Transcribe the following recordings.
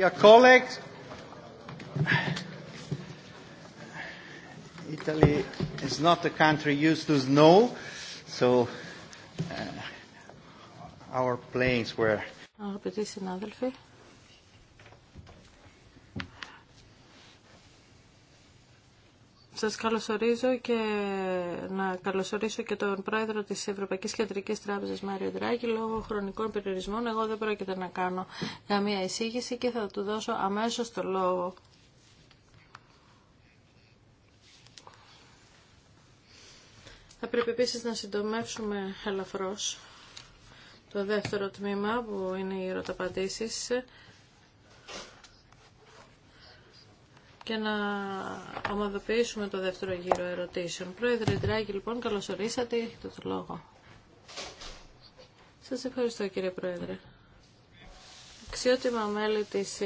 Your colleagues, Italy is not a country used to snow, so uh, our planes were. Αγαπητοί συνάδελφοι, Σας καλωσορίζω και να καλωσορίσω και τον πρόεδρο της Ευρωπαϊκής Κεντρικής Τράπεζας Μάριο Ντράκη λόγω χρονικών περιορισμών. Εγώ δεν πρόκειται να κάνω καμία εισήγηση και θα του δώσω αμέσως το λόγο. Θα πρέπει επίσης να συντομεύσουμε ελαφρώς το δεύτερο τμήμα που είναι οι ερωταπαντήσεις και να ομαδοποιήσουμε το δεύτερο γύρο ερωτήσεων. Πρόεδρε Ντράγκη, λοιπόν, ορίσατε Έχετε το λόγο. Σας ευχαριστώ, κύριε Πρόεδρε. Αξιότιμα μέλη της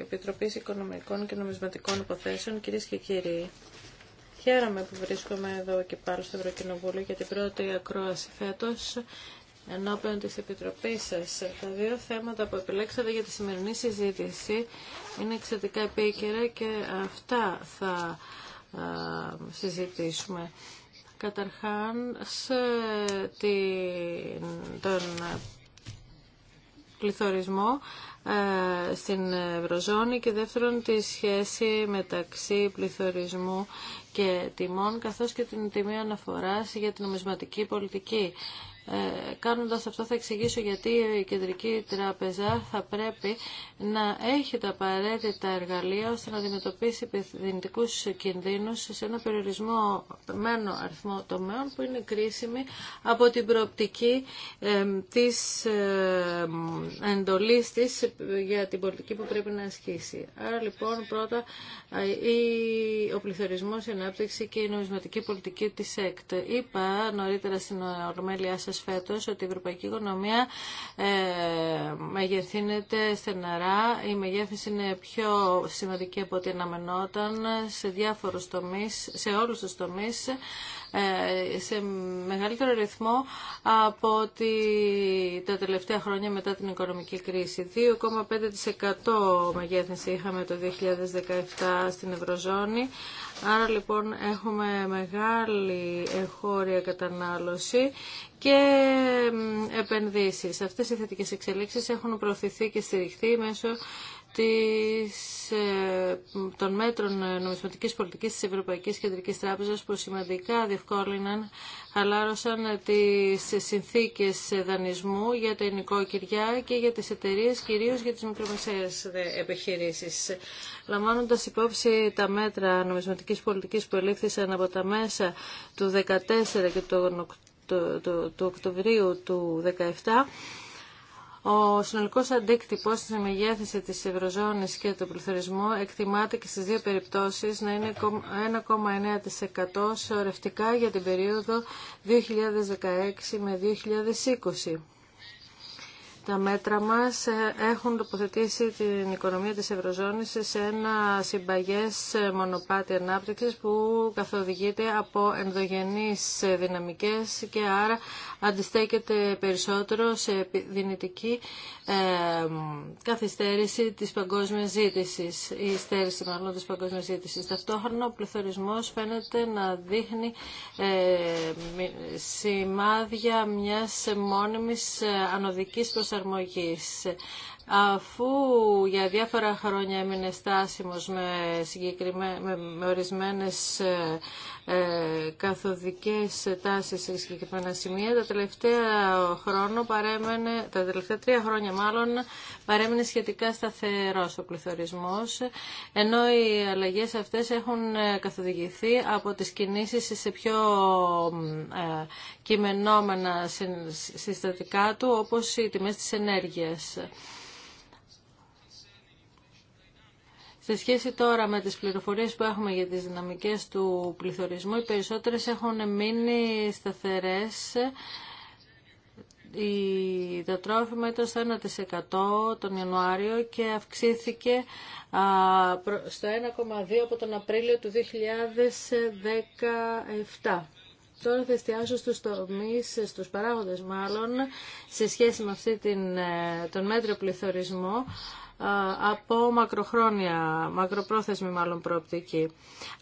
Επιτροπής Οικονομικών και Νομισματικών Υποθέσεων, κυρίε και κύριοι. Χαίρομαι που βρίσκομαι εδώ και πάλι στο Ευρωκοινοβούλιο για την πρώτη ακρόαση φέτος ενώπιον της Επιτροπής σας. Τα δύο θέματα που επιλέξατε για τη σημερινή συζήτηση είναι εξαιρετικά επίκαιρα και αυτά θα συζητήσουμε. Καταρχάς, τον πληθωρισμό στην Ευρωζώνη και δεύτερον τη σχέση μεταξύ πληθωρισμού και τιμών καθώς και την τιμή αναφοράς για την νομισματική πολιτική. Ε, κάνοντας αυτό θα εξηγήσω γιατί η Κεντρική Τράπεζα θα πρέπει να έχει τα απαραίτητα εργαλεία ώστε να αντιμετωπίσει δυνητικούς κινδύνους σε ένα περιορισμό μένο αριθμό τομέων που είναι κρίσιμη από την προοπτική ε, της ε, εντολής της για την πολιτική που πρέπει να ασκήσει. Άρα λοιπόν πρώτα ε, η, ο πληθωρισμός, η ανάπτυξη και η νομισματική πολιτική της ΕΚΤ. Είπα νωρίτερα στην ορμέλειά φέτος ότι η ευρωπαϊκή οικονομία ε, μεγεθύνεται στεναρά. Η μεγέθυνση είναι πιο σημαντική από ό,τι αναμενόταν σε διάφορους τομείς, σε όλους τους τομείς ε, σε μεγαλύτερο ρυθμό από ότι τα τελευταία χρόνια μετά την οικονομική κρίση. 2,5% μεγέθυνση είχαμε το 2017 στην Ευρωζώνη. Άρα λοιπόν έχουμε μεγάλη εγχώρια κατανάλωση και επενδύσεις. Αυτές οι θετικές εξελίξεις έχουν προωθηθεί και στηριχθεί μέσω της, ε, των μέτρων ε, νομισματικής πολιτικής της Ευρωπαϊκής Κεντρικής Τράπεζας που σημαντικά διευκόλυναν, χαλάρωσαν ε, τις συνθήκες δανεισμού για τα ενοικοκυριά και για τις εταιρείε, κυρίως για τις μικρομεσαίες επιχειρήσεις. Λαμβάνοντας υπόψη τα μέτρα νομισματικής πολιτικής που ελήφθησαν από τα μέσα του 2014 και του Οκτωβρίου του 2017, ο συνολικό αντίκτυπο στην μεγέθυνση τη Ευρωζώνης και του πληθωρισμού εκτιμάται και στι δύο περιπτώσεις να είναι 1,9% ορευτικά για την περίοδο 2016 με 2020 τα μέτρα μας ε, έχουν τοποθετήσει την οικονομία της Ευρωζώνης σε ένα συμπαγές μονοπάτι ανάπτυξης που καθοδηγείται από ενδογενείς δυναμικές και άρα αντιστέκεται περισσότερο σε δυνητική ε, καθυστέρηση της παγκόσμιας ζήτησης ή στέρηση μάλλον της παγκόσμιας ζήτησης. Ταυτόχρονα ο πληθωρισμός φαίνεται να δείχνει ε, σημάδια μιας μόνιμης ανωδικής προσαρμογής προσαρμογής αφού για διάφορα χρόνια έμεινε στάσιμος με, συγκεκριμέ... με, ορισμένες ε, ε, καθοδικές τάσεις σε συγκεκριμένα σημεία, τα τελευταία, χρόνο παρέμενε, τα τελευταία τρία χρόνια μάλλον παρέμεινε σχετικά σταθερός ο πληθωρισμός, ενώ οι αλλαγές αυτές έχουν ε, καθοδηγηθεί από τις κινήσεις σε πιο ε, κειμενόμενα συστατικά του, όπως οι τιμές της ενέργειας. Σε σχέση τώρα με τις πληροφορίες που έχουμε για τις δυναμικές του πληθωρισμού, οι περισσότερες έχουν μείνει σταθερές. Το τρόφιμα ήταν στο 1% τον Ιανουάριο και αυξήθηκε στο 1,2% από τον Απρίλιο του 2017. Τώρα θα εστιάσω στους τομείς, στους παράγοντες μάλλον, σε σχέση με αυτή την, ε, τον μέτρο πληθωρισμό από μακροχρόνια, μακροπρόθεσμη μάλλον προοπτική.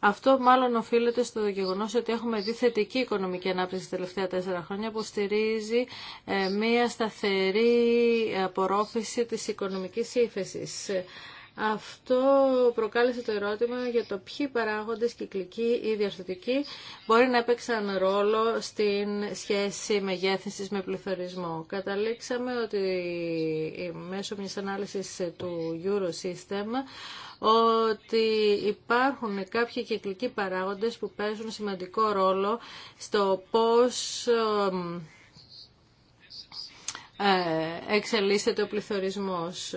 Αυτό μάλλον οφείλεται στο γεγονός ότι έχουμε δει θετική οικονομική ανάπτυξη τα τελευταία τέσσερα χρόνια που στηρίζει ε, μία σταθερή απορρόφηση της οικονομικής ύφεσης. Αυτό προκάλεσε το ερώτημα για το ποιοι παράγοντες κυκλικοί ή διαρθωτικοί μπορεί να έπαιξαν ρόλο στην σχέση μεγέθυνσης με πληθωρισμό. Καταλήξαμε ότι μέσω μιας ανάλυσης του Eurosystem ότι υπάρχουν κάποιοι κυκλικοί παράγοντες που παίζουν σημαντικό ρόλο στο πώς ε, εξελίσσεται ο πληθωρισμός.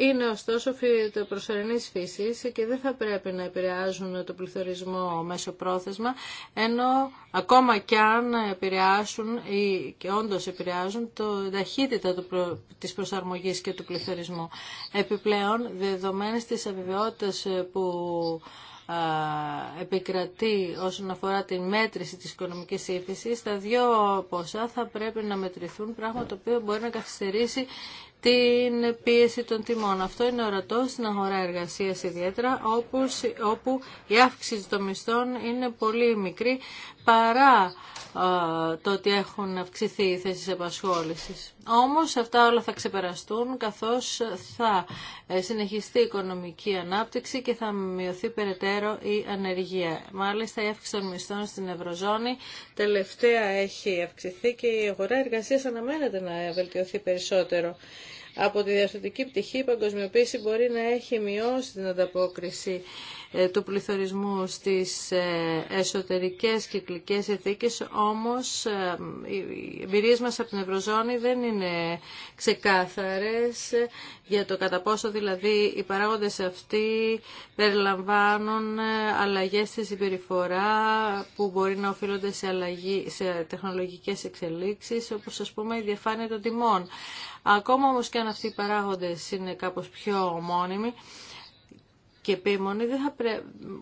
Είναι ωστόσο το προσωρινή φύση και δεν θα πρέπει να επηρεάζουν το πληθωρισμό μέσω πρόθεσμα, ενώ ακόμα κι αν επηρεάσουν ή και όντως επηρεάζουν το ταχύτητα του της προσαρμογής και του πληθωρισμού. Επιπλέον, δεδομένες της αβεβαιότητας που επικρατεί όσον αφορά την μέτρηση της οικονομικής ύφησης, τα δύο ποσά θα πρέπει να μετρηθούν, πράγμα το οποίο μπορεί να καθυστερήσει την πίεση των τιμών. Αυτό είναι ορατό στην αγορά εργασίας ιδιαίτερα, όπου η αύξηση των μισθών είναι πολύ μικρή παρά το ότι έχουν αυξηθεί οι θέσεις επασχόλησης. Όμως αυτά όλα θα ξεπεραστούν καθώς θα ε, συνεχιστεί η οικονομική ανάπτυξη και θα μειωθεί περαιτέρω η ανεργία. Μάλιστα η αύξηση των μισθών στην Ευρωζώνη τελευταία έχει αυξηθεί και η αγορά εργασίας αναμένεται να βελτιωθεί περισσότερο. Από τη διαστατική πτυχή η παγκοσμιοποίηση μπορεί να έχει μειώσει την ανταπόκριση ε, του πληθωρισμού στις ε, εσωτερικές κυκλικές εθίκες, όμως ε, οι εμπειρίες μας από την Ευρωζώνη δεν είναι ξεκάθαρες για το κατά πόσο δηλαδή οι παράγοντες αυτοί περιλαμβάνουν αλλαγές στη συμπεριφορά που μπορεί να οφείλονται σε, αλλαγή, σε τεχνολογικές εξελίξεις, όπως ας πούμε η διαφάνεια των τιμών. Ακόμα όμως και αν αυτοί οι παράγοντες είναι κάπως πιο ομόνιμοι, και επίμονοι δεν θα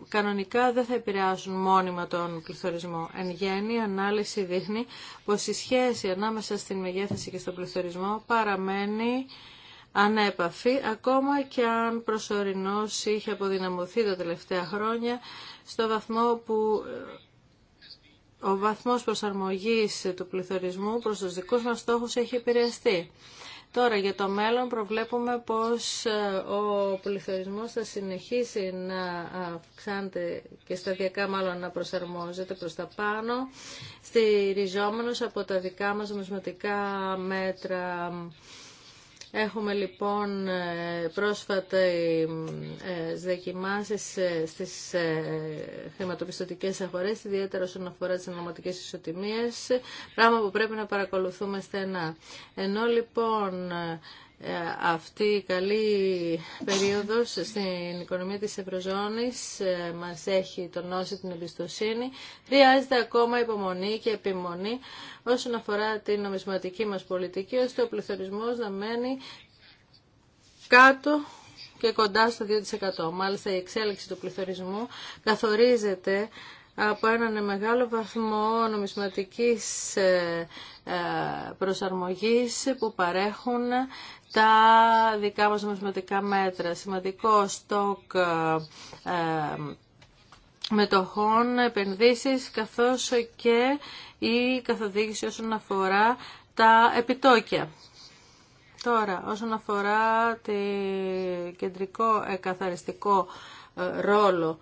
κανονικά δεν θα επηρεάζουν μόνιμα τον πληθωρισμό. Εν γέννη, η ανάλυση δείχνει πως η σχέση ανάμεσα στην μεγέθυνση και στον πληθωρισμό παραμένει ανέπαφη, ακόμα και αν προσωρινώς είχε αποδυναμωθεί τα τελευταία χρόνια, στο βαθμό που ε, ο βαθμός προσαρμογής του πληθωρισμού προς τους δικούς μας στόχους έχει επηρεαστεί. Τώρα για το μέλλον προβλέπουμε πως ε, ο πληθωρισμός θα συνεχίσει να αυξάνεται και σταδιακά μάλλον να προσαρμόζεται προς τα πάνω, στηριζόμενος από τα δικά μας νομισματικά μέτρα Έχουμε λοιπόν ε, πρόσφατα ε, δοκιμάσει ε, στις χρηματοπιστωτικές αγορές, ιδιαίτερα όσον αφορά τις ενωματικές ισοτιμίες, πράγμα που πρέπει να παρακολουθούμε στενά. Ενώ λοιπόν ε, αυτή η καλή περίοδος στην οικονομία της Ευρωζώνης ε, μας έχει τονώσει την εμπιστοσύνη. Χρειάζεται ακόμα υπομονή και επιμονή όσον αφορά την νομισματική μας πολιτική, ώστε ο πληθωρισμός να μένει κάτω και κοντά στο 2%. Μάλιστα η εξέλιξη του πληθωρισμού καθορίζεται από έναν μεγάλο βαθμό νομισματικής ε, ε, προσαρμογής που παρέχουν τα δικά μας νομισματικά μέτρα. Σημαντικό στόκ ε, μετοχών, επενδύσεις, καθώς και η καθοδήγηση όσον αφορά τα επιτόκια. Τώρα, όσον αφορά το κεντρικό εκαθαριστικό ρόλο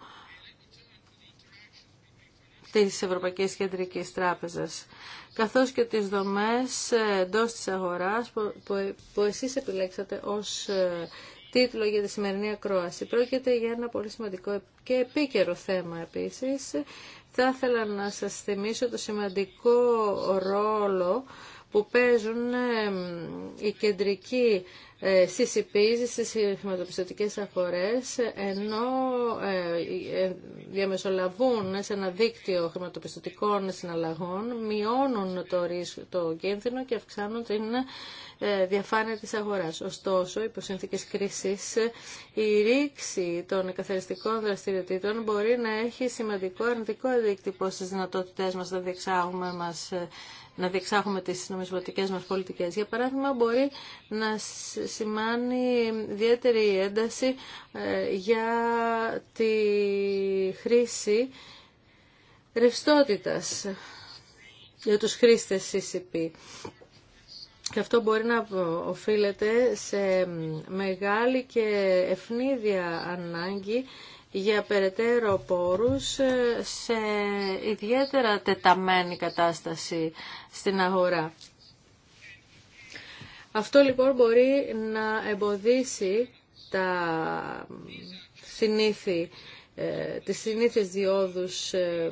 της Ευρωπαϊκής Κεντρικής Τράπεζας, καθώς και τις δομές ε, εντό της αγοράς που εσείς επιλέξατε ως ε, τίτλο για τη σημερινή ακρόαση. Πρόκειται για ένα πολύ σημαντικό και επίκαιρο θέμα επίσης. Θα ήθελα να σας θυμίσω το σημαντικό ρόλο που παίζουν ε, οι κεντρικοί ε, CCPs στις χρηματοπιστωτικές αγορές ενώ ε, ε, διαμεσολαβούν σε ένα δίκτυο χρηματοπιστωτικών συναλλαγών μειώνουν το, το κίνδυνο και αυξάνουν την διαφάνεια της αγοράς. Ωστόσο, υπό συνθήκες κρίσης, η ρήξη των καθαριστικών δραστηριοτήτων μπορεί να έχει σημαντικό αρνητικό αντίκτυπο στις δυνατότητές μας να διεξάγουμε να διεξάγουμε τις νομισματικές μας πολιτικές. Για παράδειγμα, μπορεί να σημάνει ιδιαίτερη ένταση ε, για τη χρήση ρευστότητας για τους χρήστες CCP. Και αυτό μπορεί να οφείλεται σε μεγάλη και ευνίδια ανάγκη για περαιτέρω πόρους ε, σε ιδιαίτερα τεταμένη κατάσταση στην αγορά. Αυτό λοιπόν μπορεί να εμποδίσει τα συνήθη, ε, τις συνήθειες διόδους ε,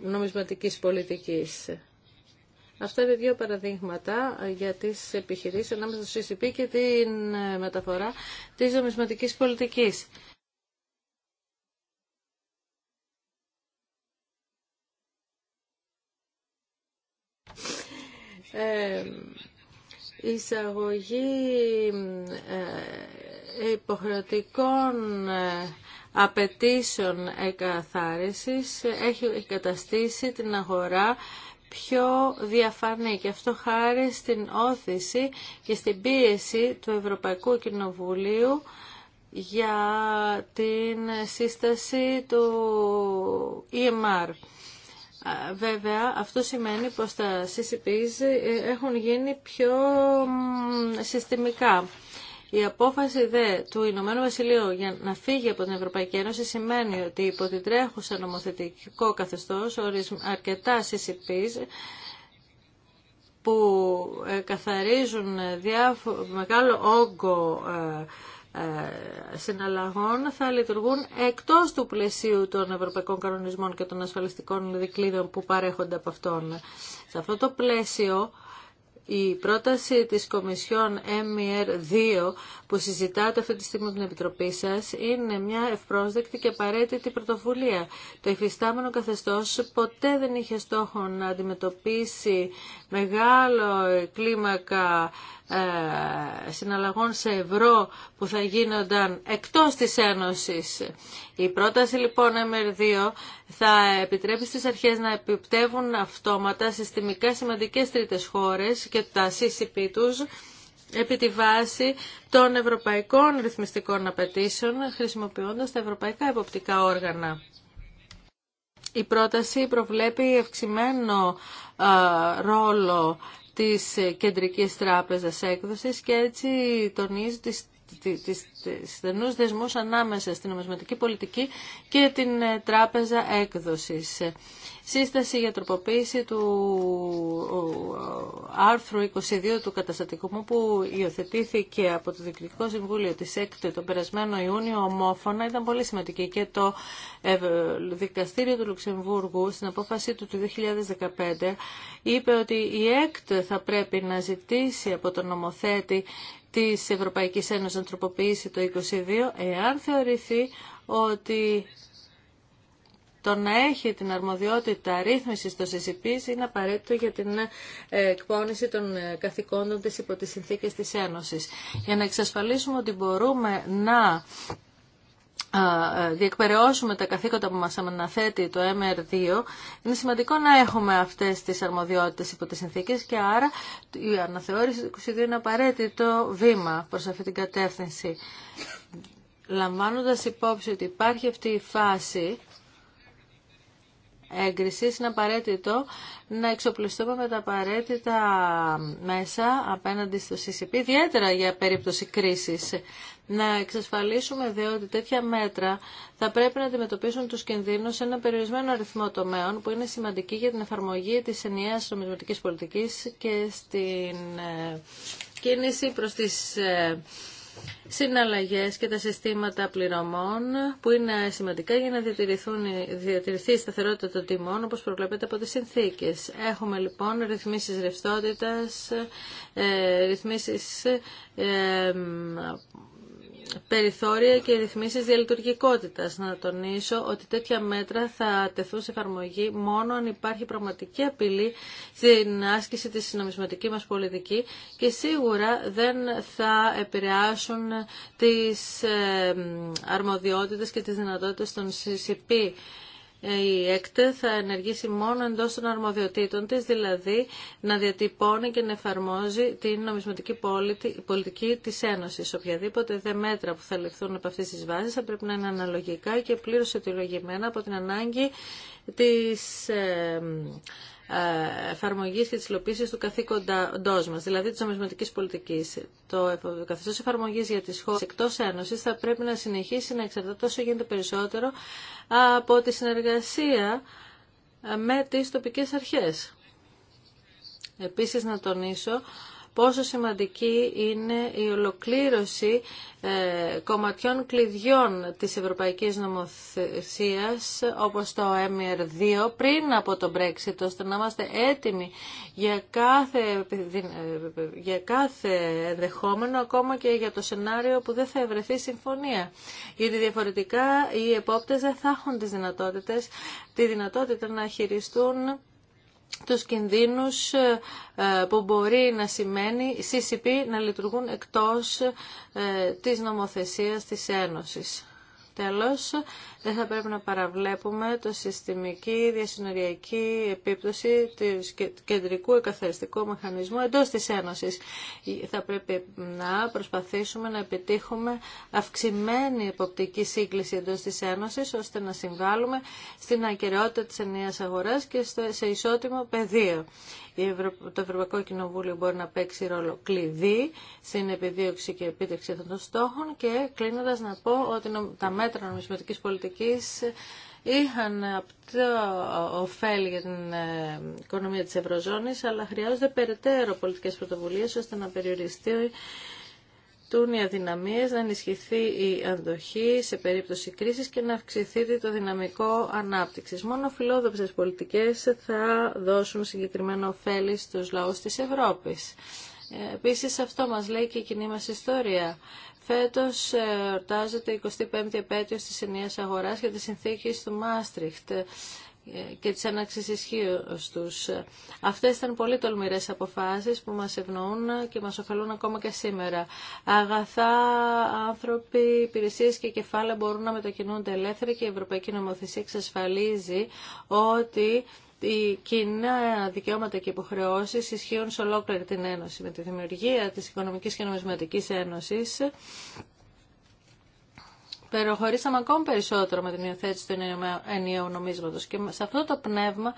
νομισματικής πολιτικής. Αυτά είναι δύο παραδείγματα ε, για τις επιχειρήσεις ανάμεσα στο CCP και την ε, μεταφορά της νομισματικής πολιτικής. Η εισαγωγή ε, υποχρεωτικών ε, απαιτήσεων εκαθάρισης έχει καταστήσει την αγορά πιο διαφανή και αυτό χάρη στην όθηση και στην πίεση του Ευρωπαϊκού Κοινοβουλίου για την σύσταση του EMR. Βέβαια, αυτό σημαίνει πως τα CCPs ε, έχουν γίνει πιο συστημικά. Η απόφαση δε του Ηνωμένου Βασιλείου για να φύγει από την Ευρωπαϊκή Ένωση σημαίνει ότι υπό την τρέχουσα νομοθετικό καθεστώς αρκετά CCPs που ε, καθαρίζουν ε, μεγάλο όγκο ε, συναλλαγών θα λειτουργούν εκτός του πλαισίου των ευρωπαϊκών κανονισμών και των ασφαλιστικών δικλείδων που παρέχονται από αυτόν. Σε αυτό το πλαίσιο η πρόταση της Κομισιόν MER2 που συζητάτε αυτή τη στιγμή την Επιτροπή σας είναι μια ευπρόσδεκτη και απαραίτητη πρωτοβουλία. Το υφιστάμενο καθεστώς ποτέ δεν είχε στόχο να αντιμετωπίσει μεγάλο κλίμακα ε, συναλλαγών σε ευρώ που θα γίνονταν εκτός της Ένωσης. Η πρόταση λοιπόν MR2 θα επιτρέπει στις αρχές να επιπτεύουν αυτόματα συστημικά σημαντικές τρίτες χώρες και τα CCP τους επί τη βάση των ευρωπαϊκών ρυθμιστικών απαιτήσεων χρησιμοποιώντας τα ευρωπαϊκά εποπτικά όργανα. Η πρόταση προβλέπει ευξημένο ε, ρόλο της Κεντρικής Τράπεζας Έκδοσης και έτσι τονίζει τις τις στενούς δεσμούς ανάμεσα στην νομισματική πολιτική και την ε, τράπεζα έκδοσης σύσταση για τροποποίηση του άρθρου 22 του καταστατικού που υιοθετήθηκε από το Διοικητικό Συμβούλιο της 6 τον περασμένο Ιούνιο ομόφωνα ήταν πολύ σημαντική και το ε, Δικαστήριο του Λουξεμβούργου στην απόφαση του του 2015 είπε ότι η ΕΚΤ θα πρέπει να ζητήσει από τον νομοθέτη της Ευρωπαϊκής Ένωσης να τροποποιήσει το 22 εάν θεωρηθεί ότι το να έχει την αρμοδιότητα ρύθμιση των ΣΥΣΥΠΗΣ είναι απαραίτητο για την ε, εκπόνηση των ε, καθηκόντων τη υπό τι συνθήκε τη Ένωση. Για να εξασφαλίσουμε ότι μπορούμε να ε, διεκπαιρεώσουμε τα καθήκοντα που μας αναθέτει το MR2, είναι σημαντικό να έχουμε αυτές τις αρμοδιότητες υπό τις συνθήκες και άρα η αναθεώρηση του 22 είναι απαραίτητο βήμα προς αυτή την κατεύθυνση. Λαμβάνοντας υπόψη ότι υπάρχει αυτή η φάση είναι απαραίτητο να εξοπλιστούμε με τα απαραίτητα μέσα απέναντι στο CCP, ιδιαίτερα για περίπτωση κρίσης. Να εξασφαλίσουμε δε ότι τέτοια μέτρα θα πρέπει να αντιμετωπίσουν τους κινδύνους σε ένα περιορισμένο αριθμό τομέων που είναι σημαντική για την εφαρμογή της ενιαίας νομισματικής πολιτικής και στην ε, κίνηση προς τις ε, συναλλαγές και τα συστήματα πληρωμών που είναι σημαντικά για να διατηρηθεί η σταθερότητα των τιμών όπως προβλέπεται από τις συνθήκες. Έχουμε λοιπόν ρυθμίσεις ρευστότητας, ε, ρυθμίσεις ε, περιθώρια και ρυθμίσεις διαλειτουργικότητας. Να τονίσω ότι τέτοια μέτρα θα τεθούν σε εφαρμογή μόνο αν υπάρχει πραγματική απειλή στην άσκηση της συνομισματική μας πολιτική και σίγουρα δεν θα επηρεάσουν τις ε, αρμοδιότητες και τις δυνατότητες των CCP η ΕΚΤΕ θα ενεργήσει μόνο εντός των αρμοδιοτήτων της, δηλαδή να διατυπώνει και να εφαρμόζει την νομισματική πολιτική της Ένωσης. Οποιαδήποτε δε μέτρα που θα ληφθούν από αυτές τις βάσεις θα πρέπει να είναι αναλογικά και πλήρως αιτιολογημένα από την ανάγκη της ε, ε, εφαρμογή και τη υλοποίηση του καθήκοντό μα, δηλαδή τη νομισματική πολιτικής. Το καθεστώ εφαρμογή για τις χώρε εκτό Ένωση θα πρέπει να συνεχίσει να εξαρτάται όσο γίνεται περισσότερο από τη συνεργασία ε, με τις τοπικέ αρχές. Επίσης να τονίσω πόσο σημαντική είναι η ολοκλήρωση ε, κομματιών κλειδιών της Ευρωπαϊκής Νομοθεσίας όπως το MR2 πριν από το Brexit ώστε να είμαστε έτοιμοι για κάθε, ε, για κάθε ενδεχόμενο ακόμα και για το σενάριο που δεν θα ευρεθεί συμφωνία γιατί διαφορετικά οι επόπτες δεν θα έχουν τις δυνατότητες, τη δυνατότητα να χειριστούν τους κινδύνους ε, ε, που μπορεί να σημαίνει η CCP να λειτουργούν εκτός ε, της νομοθεσίας της Ένωσης. Τέλος, δεν θα πρέπει να παραβλέπουμε το συστημική διασυνοριακή επίπτωση του κεντρικού εκαθαριστικού μηχανισμού εντός της Ένωσης. Θα πρέπει να προσπαθήσουμε να επιτύχουμε αυξημένη εποπτική σύγκληση εντός της Ένωσης ώστε να συμβάλλουμε στην ακαιρεότητα της ενιαίας αγοράς και σε ισότιμο πεδίο. Το Ευρωπαϊκό Κοινοβούλιο μπορεί να παίξει ρόλο κλειδί στην επιδίωξη και επίτευξη των στόχων και κλείνοντας να πω ότι τα μέτρα νομισματικής πολιτικής είχαν αυτό ωφέλη για την ε, οικονομία της Ευρωζώνης, αλλά χρειάζονται περαιτέρω πολιτικές πρωτοβουλίες ώστε να περιοριστεί τούν οι αδυναμίες, να ενισχυθεί η αντοχή σε περίπτωση κρίσης και να αυξηθεί το δυναμικό ανάπτυξης. Μόνο φιλόδοξες πολιτικές θα δώσουν συγκεκριμένο ωφέλη στους λαούς της Ευρώπης. Επίσης αυτό μας λέει και η κοινή μας ιστορία. Φέτος ε, ορτάζεται η 25η επέτειος της ενιαίας αγοράς και της συνθήκης του Μάστριχτ ε, και της έναξης ισχύως τους. Αυτές ήταν πολύ τολμηρές αποφάσεις που μας ευνοούν και μας ωφελούν ακόμα και σήμερα. Αγαθά, άνθρωποι, υπηρεσίες και κεφάλαια μπορούν να μετακινούνται ελεύθεροι και η Ευρωπαϊκή Νομοθεσία εξασφαλίζει ότι οι κοινά δικαιώματα και υποχρεώσεις ισχύουν σε ολόκληρη την Ένωση. Με τη δημιουργία της Οικονομικής και Νομισματικής Ένωσης Περοχωρήσαμε ακόμη περισσότερο με την υιοθέτηση του ενιαίου νομίσματος και σε αυτό το πνεύμα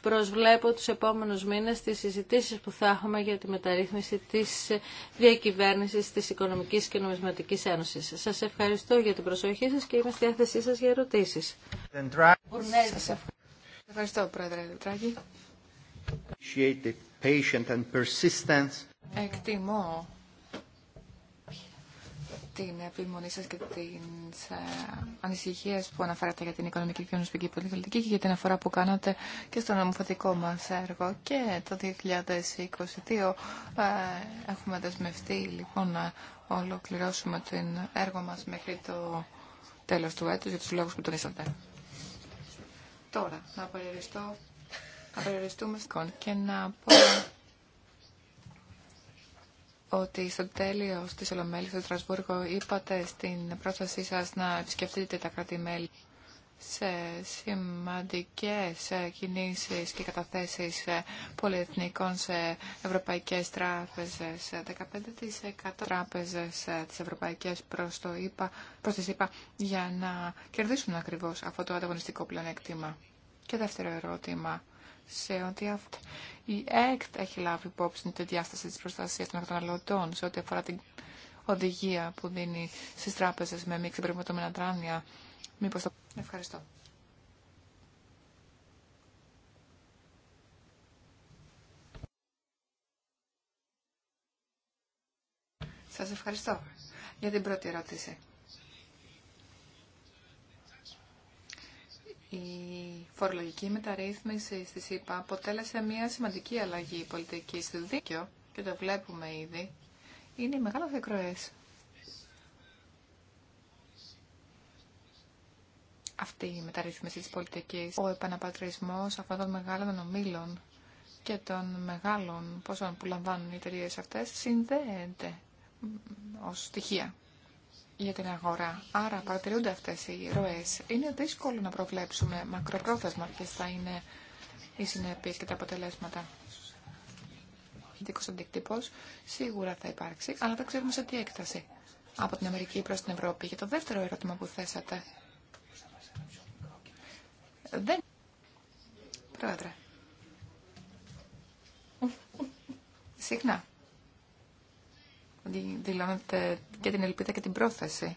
προσβλέπω τους επόμενους μήνες τις συζητήσεις που θα έχουμε για τη μεταρρύθμιση της διακυβέρνησης της Οικονομικής και Νομισματικής Ένωσης. Σας ευχαριστώ για την προσοχή σας και είμαι στη διάθεσή σας για ερωτήσεις. Ευχαριστώ, Πρόεδρε Εκτιμώ την επιμονή σας και τις ανησυχίε ανησυχίες που αναφέρατε για την οικονομική και κοινωνική πολιτική και για την αφορά που κάνατε και στο νομοθετικό μας έργο. Και το 2022 ε, έχουμε δεσμευτεί λοιπόν να ολοκληρώσουμε το έργο μας μέχρι το τέλος του έτους για τους λόγους που τον είσατε. Τώρα, να, περιοριστώ, να περιοριστούμε στον και να πω ότι στο τέλειο της Ολομέλης στο Στρασβούργο είπατε στην πρότασή σας να επισκεφτείτε τα κράτη-μέλη σε σημαντικές ε, κινήσεις και καταθέσεις ε, πολυεθνικών σε ευρωπαϊκές τράπεζες. 15% ε, τράπεζες της Ευρωπαϊκής προς, το ΕΠΑ, προς τις για να κερδίσουν ακριβώς αυτό το ανταγωνιστικό πλεονέκτημα. Και δεύτερο ερώτημα σε ό,τι η ΕΚΤ έχει λάβει υπόψη τη διάσταση της προστασίας των καταναλωτών σε ό,τι αφορά την οδηγία που δίνει στις τράπεζες με μη ξεπεριμετωμένα τράνια. Μήπως το... Ευχαριστώ. Σας ευχαριστώ για την πρώτη ερώτηση. Η φορολογική μεταρρύθμιση στη ΣΥΠΑ αποτέλεσε μια σημαντική αλλαγή πολιτική στο δίκαιο και το βλέπουμε ήδη. Είναι μεγάλο εκροές αυτή η μεταρρύθμιση της πολιτικής, ο επαναπατρισμός αυτών των μεγάλων ομίλων και των μεγάλων ποσών που λαμβάνουν οι εταιρείε αυτές συνδέεται ως στοιχεία για την αγορά. Άρα παρατηρούνται αυτές οι ροές. Είναι δύσκολο να προβλέψουμε μακροπρόθεσμα ποιες θα είναι οι συνέπειες και τα αποτελέσματα. Δίκος αντίκτυπος σίγουρα θα υπάρξει, αλλά δεν ξέρουμε σε τι έκταση από την Αμερική προς την Ευρώπη. Για το δεύτερο ερώτημα που θέσατε, δεν... Πρόεδρε. Συχνά. Δηλώνετε και την ελπίδα και την πρόθεση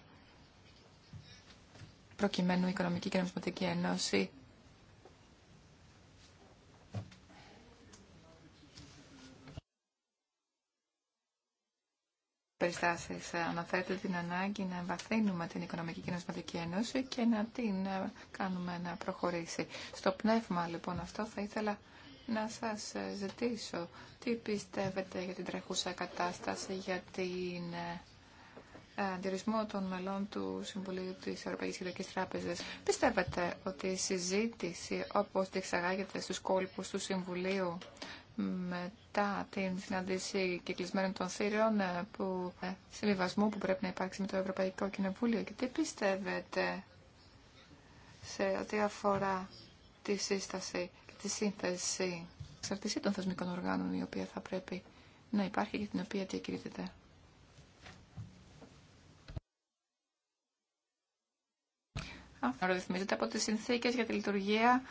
προκειμένου Οικονομική και Νομισματική Ένωση περιστάσει. αναφέρεται την ανάγκη να εμβαθύνουμε την Οικονομική και Ένωση και να την ε, κάνουμε να προχωρήσει. Στο πνεύμα λοιπόν αυτό θα ήθελα να σας ε, ζητήσω τι πιστεύετε για την τρεχούσα κατάσταση, για την ε, αντιρισμό των μελών του Συμβουλίου της Ευρωπαϊκής Κεντρικής Τράπεζας. Πιστεύετε ότι η συζήτηση όπως διεξαγάγεται στους κόλπους του Συμβουλίου μετά την συναντήση κυκλισμένων των θύρων ε, που, ε, συμβιβασμού που πρέπει να υπάρξει με το Ευρωπαϊκό Κοινοβούλιο και τι πιστεύετε σε ό,τι αφορά τη σύσταση και τη σύνθεση εξαρτησία των θεσμικών οργάνων η οποία θα πρέπει να υπάρχει και την οποία διακρίνεται. Αυτό ρυθμίζεται από τις συνθήκες για τη λειτουργία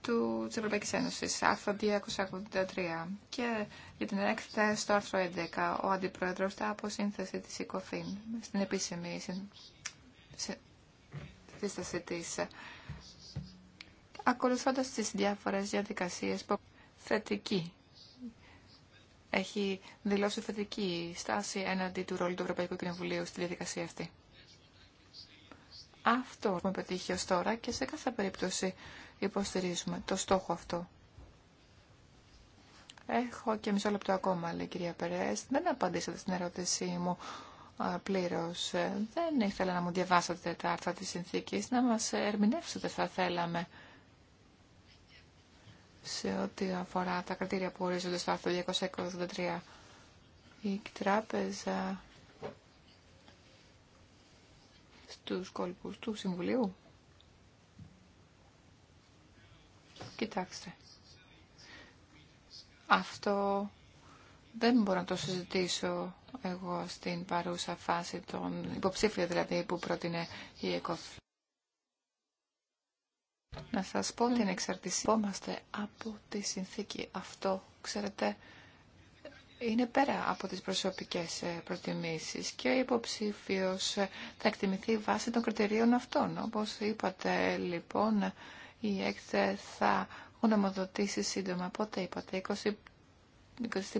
του, της Ευρωπαϊκής Ένωσης, άρθρο 283. Και για την έκθεση στο άρθρο 11, ο Αντιπρόεδρος τα αποσύνθεση της ΕΚΟΦΗΝ, στην επίσημη σύσταση της, ακολουθώντας τις διάφορες διαδικασίες που θετική έχει δηλώσει θετική στάση έναντι του ρόλου του Ευρωπαϊκού Κοινοβουλίου στη διαδικασία αυτή. Αυτό που πετύχει ως τώρα και σε κάθε περίπτωση υποστηρίζουμε το στόχο αυτό. Έχω και μισό λεπτό ακόμα, λέει η κυρία Περές. Δεν απαντήσατε στην ερώτησή μου πλήρω. Δεν ήθελα να μου διαβάσετε τα άρθρα της συνθήκης, να μας ερμηνεύσετε θα θέλαμε σε ό,τι αφορά τα κριτήρια που ορίζονται στο άρθρο 283. Η τράπεζα στους κόλπους του Συμβουλίου Κοιτάξτε. Αυτό δεν μπορώ να το συζητήσω εγώ στην παρούσα φάση των υποψήφιων δηλαδή που πρότεινε η ΕΚΟΦ. Να σας πω την εξαρτησία. από τη συνθήκη. Αυτό, ξέρετε, είναι πέρα από τις προσωπικές ε, προτιμήσεις και ο υποψήφιος ε, θα εκτιμηθεί βάσει των κριτηρίων αυτών. Όπως είπατε, λοιπόν, η ΕΚΤΕ θα γνωμοδοτήσει σύντομα. Πότε είπατε, 20...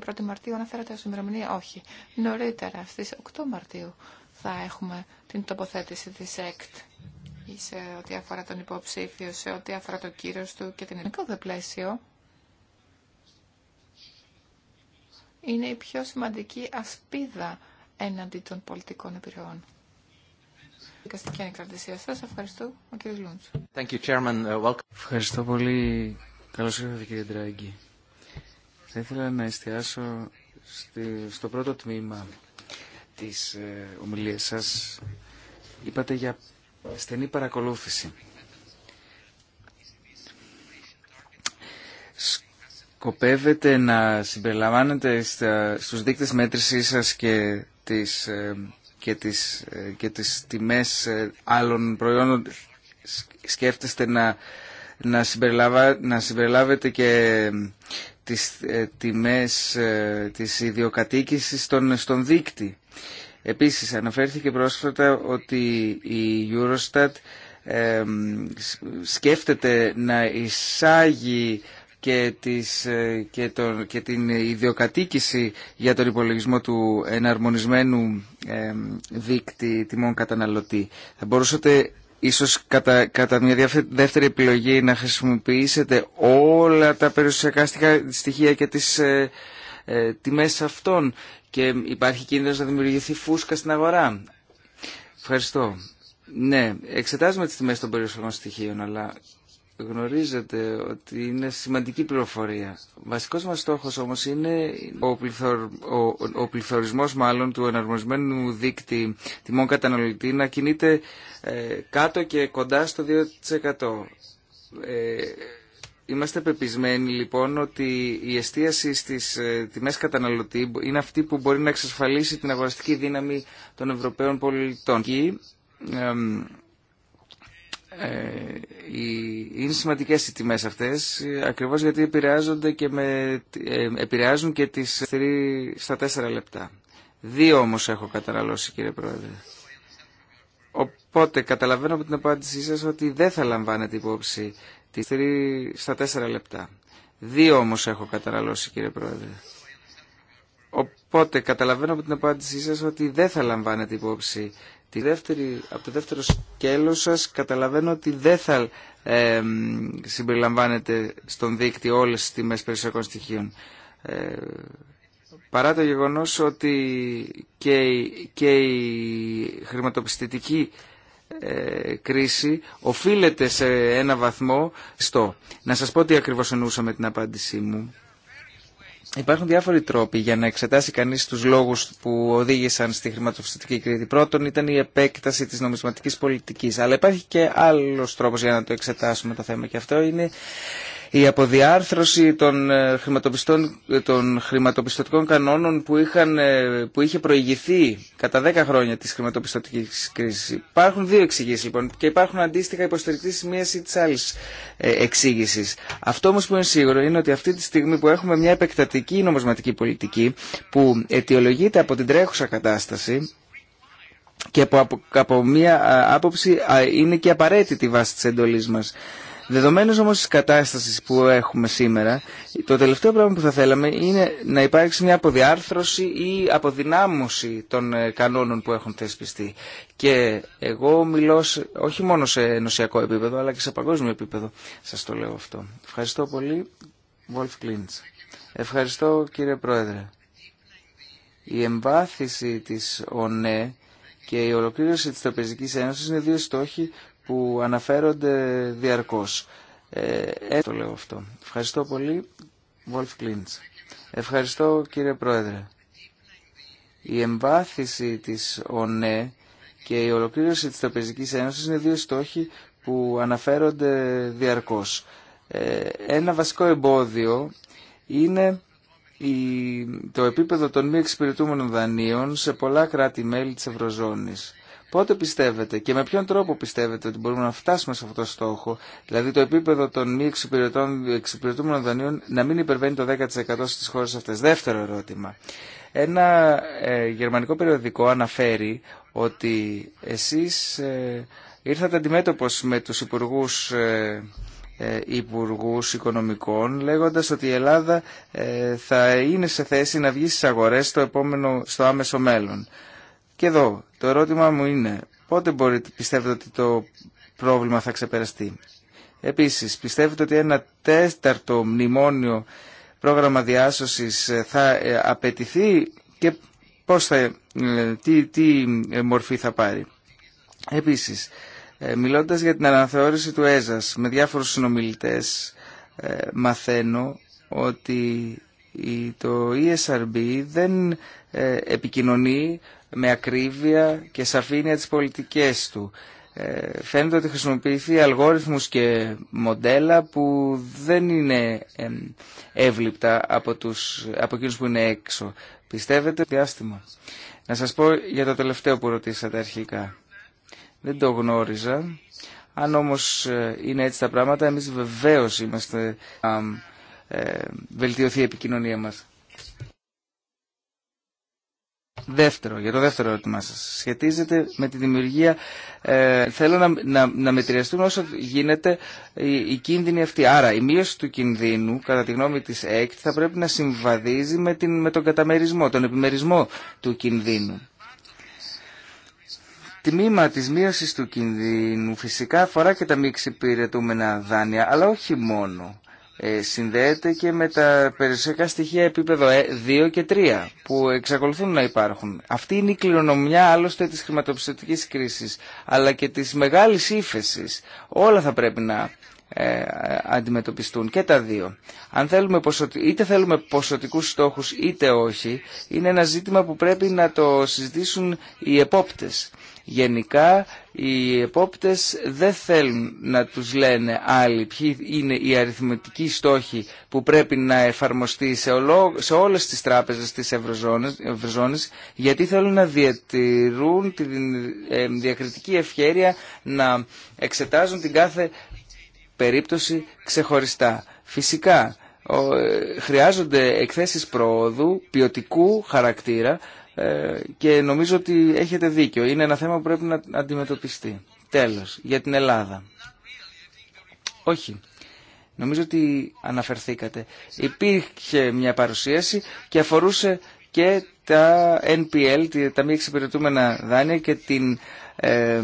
21 Μαρτίου αναφέρατε ως ημερομηνία, όχι. Νωρίτερα, στις 8 Μαρτίου θα έχουμε την τοποθέτηση της ΕΚΤ σε ό,τι αφορά τον υποψήφιο, σε ό,τι αφορά το κύριο του και την ελληνικό πλαίσιο. Είναι η πιο σημαντική ασπίδα έναντι των πολιτικών επιρροών σας. Ευχαριστώ, uh, Ευχαριστώ πολύ. Καλώς ήρθατε, κύριε Ντράγκη. Θα ήθελα να εστιάσω στο πρώτο τμήμα της ε, ομιλίας σας. Είπατε για στενή παρακολούθηση. Σκοπεύετε να συμπεριλαμβάνετε στου στους δείκτες μέτρησής σας και τις ε, και τις, ε, και τις τιμές ε, άλλων προϊόντων σκέφτεστε να, να, να συμπεριλάβετε και τις ε, τιμές ε, της ιδιοκατοίκησης στον, στον δίκτυ. Επίσης αναφέρθηκε πρόσφατα ότι η Eurostat σκέφτεται να εισάγει και, τις, ε, και, το, και την ιδιοκατοίκηση για τον υπολογισμό του εναρμονισμένου ε, δίκτυ τιμών καταναλωτή. Θα μπορούσατε ίσως κατά, κατά μια δεύτερη επιλογή να χρησιμοποιήσετε όλα τα περιουσιακά στοιχεία και τις ε, ε, τιμές αυτών και υπάρχει κίνδυνος να δημιουργηθεί φούσκα στην αγορά. Ευχαριστώ. Ναι, εξετάζουμε τις τιμές των περιουσιακών στοιχείων, αλλά γνωρίζετε ότι είναι σημαντική πληροφορία. Ο βασικός μας στόχος όμως είναι ο, πληθωρ, πληθωρισμός μάλλον του εναρμοσμένου δίκτυ τιμών καταναλωτή να κινείται ε, κάτω και κοντά στο 2%. Ε, είμαστε πεπισμένοι λοιπόν ότι η εστίαση στις ε, τιμές καταναλωτή είναι αυτή που μπορεί να εξασφαλίσει την αγοραστική δύναμη των Ευρωπαίων πολιτών. Ε, είναι σημαντικές οι τιμές αυτές ακριβώς γιατί επηρεάζονται και με, ε, επηρεάζουν και τις 3 στα 4 λεπτά. Δύο όμως έχω καταναλώσει κύριε Πρόεδρε. Οπότε καταλαβαίνω από την απάντησή σας ότι δεν θα λαμβάνετε υπόψη τις 3 στα 4 λεπτά. Δύο όμως έχω καταναλώσει κύριε Πρόεδρε. Οπότε καταλαβαίνω από την απάντησή σας ότι δεν θα λαμβάνετε υπόψη τη δεύτερη, από το δεύτερο σκέλος σας καταλαβαίνω ότι δεν θα συμπεριλαμβάνετε στον δίκτυο όλες τις τιμές περισσοκών στοιχείων. Ε, παρά το γεγονός ότι και, και η χρηματοπιστητική ε, κρίση οφείλεται σε ένα βαθμό στο. Να σας πω τι ακριβώς εννοούσα με την απάντησή μου. Υπάρχουν διάφοροι τρόποι για να εξετάσει κανεί του λόγου που οδήγησαν στη χρηματοπιστωτική κρίση. Πρώτον ήταν η επέκταση τη νομισματική πολιτική. Αλλά υπάρχει και άλλο τρόπο για να το εξετάσουμε το θέμα. Και αυτό είναι η αποδιάρθρωση των, ε, ε, των χρηματοπιστωτικών κανόνων που, είχαν, ε, που είχε προηγηθεί κατά 10 χρόνια της χρηματοπιστωτικής κρίσης. Υπάρχουν δύο εξηγήσεις λοιπόν και υπάρχουν αντίστοιχα υποστηρικτές της μίας ή της άλλης εξήγησης. Αυτό όμως που είναι σίγουρο είναι ότι αυτή τη στιγμή που έχουμε μια επεκτατική νομοσματική πολιτική που αιτιολογείται από την τρέχουσα κατάσταση και από, από, από μία άποψη είναι και απαραίτητη βάση της εντολής μας. Δεδομένως όμως της κατάστασης που έχουμε σήμερα, το τελευταίο πράγμα που θα θέλαμε είναι να υπάρξει μια αποδιάρθρωση ή αποδυνάμωση των ε, κανόνων που έχουν θεσπιστεί. Και εγώ μιλώ όχι μόνο σε ενωσιακό επίπεδο, αλλά και σε παγκόσμιο επίπεδο. Σας το λέω αυτό. Ευχαριστώ πολύ, Wolf Klintz. Ευχαριστώ, κύριε Πρόεδρε. Η εμβάθυνση της ΟΝΕ και η ολοκλήρωση της Τραπεζικής Ένωσης είναι δύο στόχοι που αναφέρονται διαρκώς. Ε, ε, το λέω αυτό. Ευχαριστώ πολύ, Wolf Klintz. Ευχαριστώ, κύριε Πρόεδρε. Η εμβάθυνση της ΟΝΕ και η ολοκλήρωση της Τραπεζικής Ένωσης είναι δύο στόχοι που αναφέρονται διαρκώς. Ε, ένα βασικό εμπόδιο είναι το επίπεδο των μη εξυπηρετούμενων δανείων σε πολλά κράτη-μέλη της Ευρωζώνης. Πότε πιστεύετε και με ποιον τρόπο πιστεύετε ότι μπορούμε να φτάσουμε σε αυτό το στόχο, δηλαδή το επίπεδο των μη εξυπηρετούμενων δανείων να μην υπερβαίνει το 10% στις χώρες αυτές. Δεύτερο ερώτημα. Ένα ε, γερμανικό περιοδικό αναφέρει ότι εσείς ε, ήρθατε αντιμέτωπος με τους υπουργούς ε, υπουργού οικονομικών λέγοντας ότι η Ελλάδα θα είναι σε θέση να βγει στις αγορές στο, επόμενο, στο άμεσο μέλλον. Και εδώ το ερώτημα μου είναι πότε μπορείτε, πιστεύετε ότι το πρόβλημα θα ξεπεραστεί. Επίσης, πιστεύετε ότι ένα τέταρτο μνημόνιο πρόγραμμα διάσωσης ε, θα ε, απαιτηθεί και πώς θα, ε, τι, τι μορφή θα πάρει. Επίσης, μιλώντας για την αναθεώρηση του ΕΖΑΣ με διάφορους συνομιλητές, μαθαίνω ότι το ESRB δεν ε, επικοινωνεί με ακρίβεια και σαφήνεια τις πολιτικές του. Ε, φαίνεται ότι χρησιμοποιηθεί αλγόριθμους και μοντέλα που δεν είναι εύληπτα από, τους, από που είναι έξω. Πιστεύετε διάστημα. Να σας πω για το τελευταίο που ρωτήσατε αρχικά. Δεν το γνώριζα. Αν όμως ε, είναι έτσι τα πράγματα, εμείς βεβαίως είμαστε ε, βελτιωθεί η επικοινωνία μας. Δεύτερο, για το δεύτερο ερώτημά σας, σχετίζεται με τη δημιουργία, ε, θέλω να, να, να, μετριαστούν όσο γίνεται η κίνδυνη κίνδυνοι Άρα η μείωση του κινδύνου, κατά τη γνώμη της ΕΚΤ, θα πρέπει να συμβαδίζει με, την, με τον καταμερισμό, τον επιμερισμό του κινδύνου. Τμήμα της μείωσης του κινδύνου φυσικά αφορά και τα μη εξυπηρετούμενα δάνεια, αλλά όχι μόνο. Ε, συνδέεται και με τα περιουσιακά στοιχεία επίπεδο 2 ε, και 3 που εξακολουθούν να υπάρχουν. Αυτή είναι η κληρονομιά άλλωστε της χρηματοπιστωτικής κρίσης αλλά και της μεγάλης ύφεση. Όλα θα πρέπει να ε, αντιμετωπιστούν και τα δύο. Αν θέλουμε Είτε θέλουμε ποσοτικούς στόχους είτε όχι είναι ένα ζήτημα που πρέπει να το συζητήσουν οι επόπτες. Γενικά οι επόπτες δεν θέλουν να τους λένε άλλοι ποιοι είναι οι αριθμητικοί στόχοι που πρέπει να εφαρμοστεί σε, σε όλες τις τράπεζες της Ευρωζώνης, γιατί θέλουν να διατηρούν τη ε, διακριτική ευχέρεια να εξετάζουν την κάθε περίπτωση ξεχωριστά. Φυσικά ε, χρειάζονται εκθέσεις προόδου ποιοτικού χαρακτήρα ε, και νομίζω ότι έχετε δίκιο. Είναι ένα θέμα που πρέπει να αντιμετωπιστεί. Τέλος, για την Ελλάδα. Όχι. Νομίζω ότι αναφερθήκατε. Υπήρχε μια παρουσίαση και αφορούσε και τα NPL, τα μη εξυπηρετούμενα δάνεια και την ε,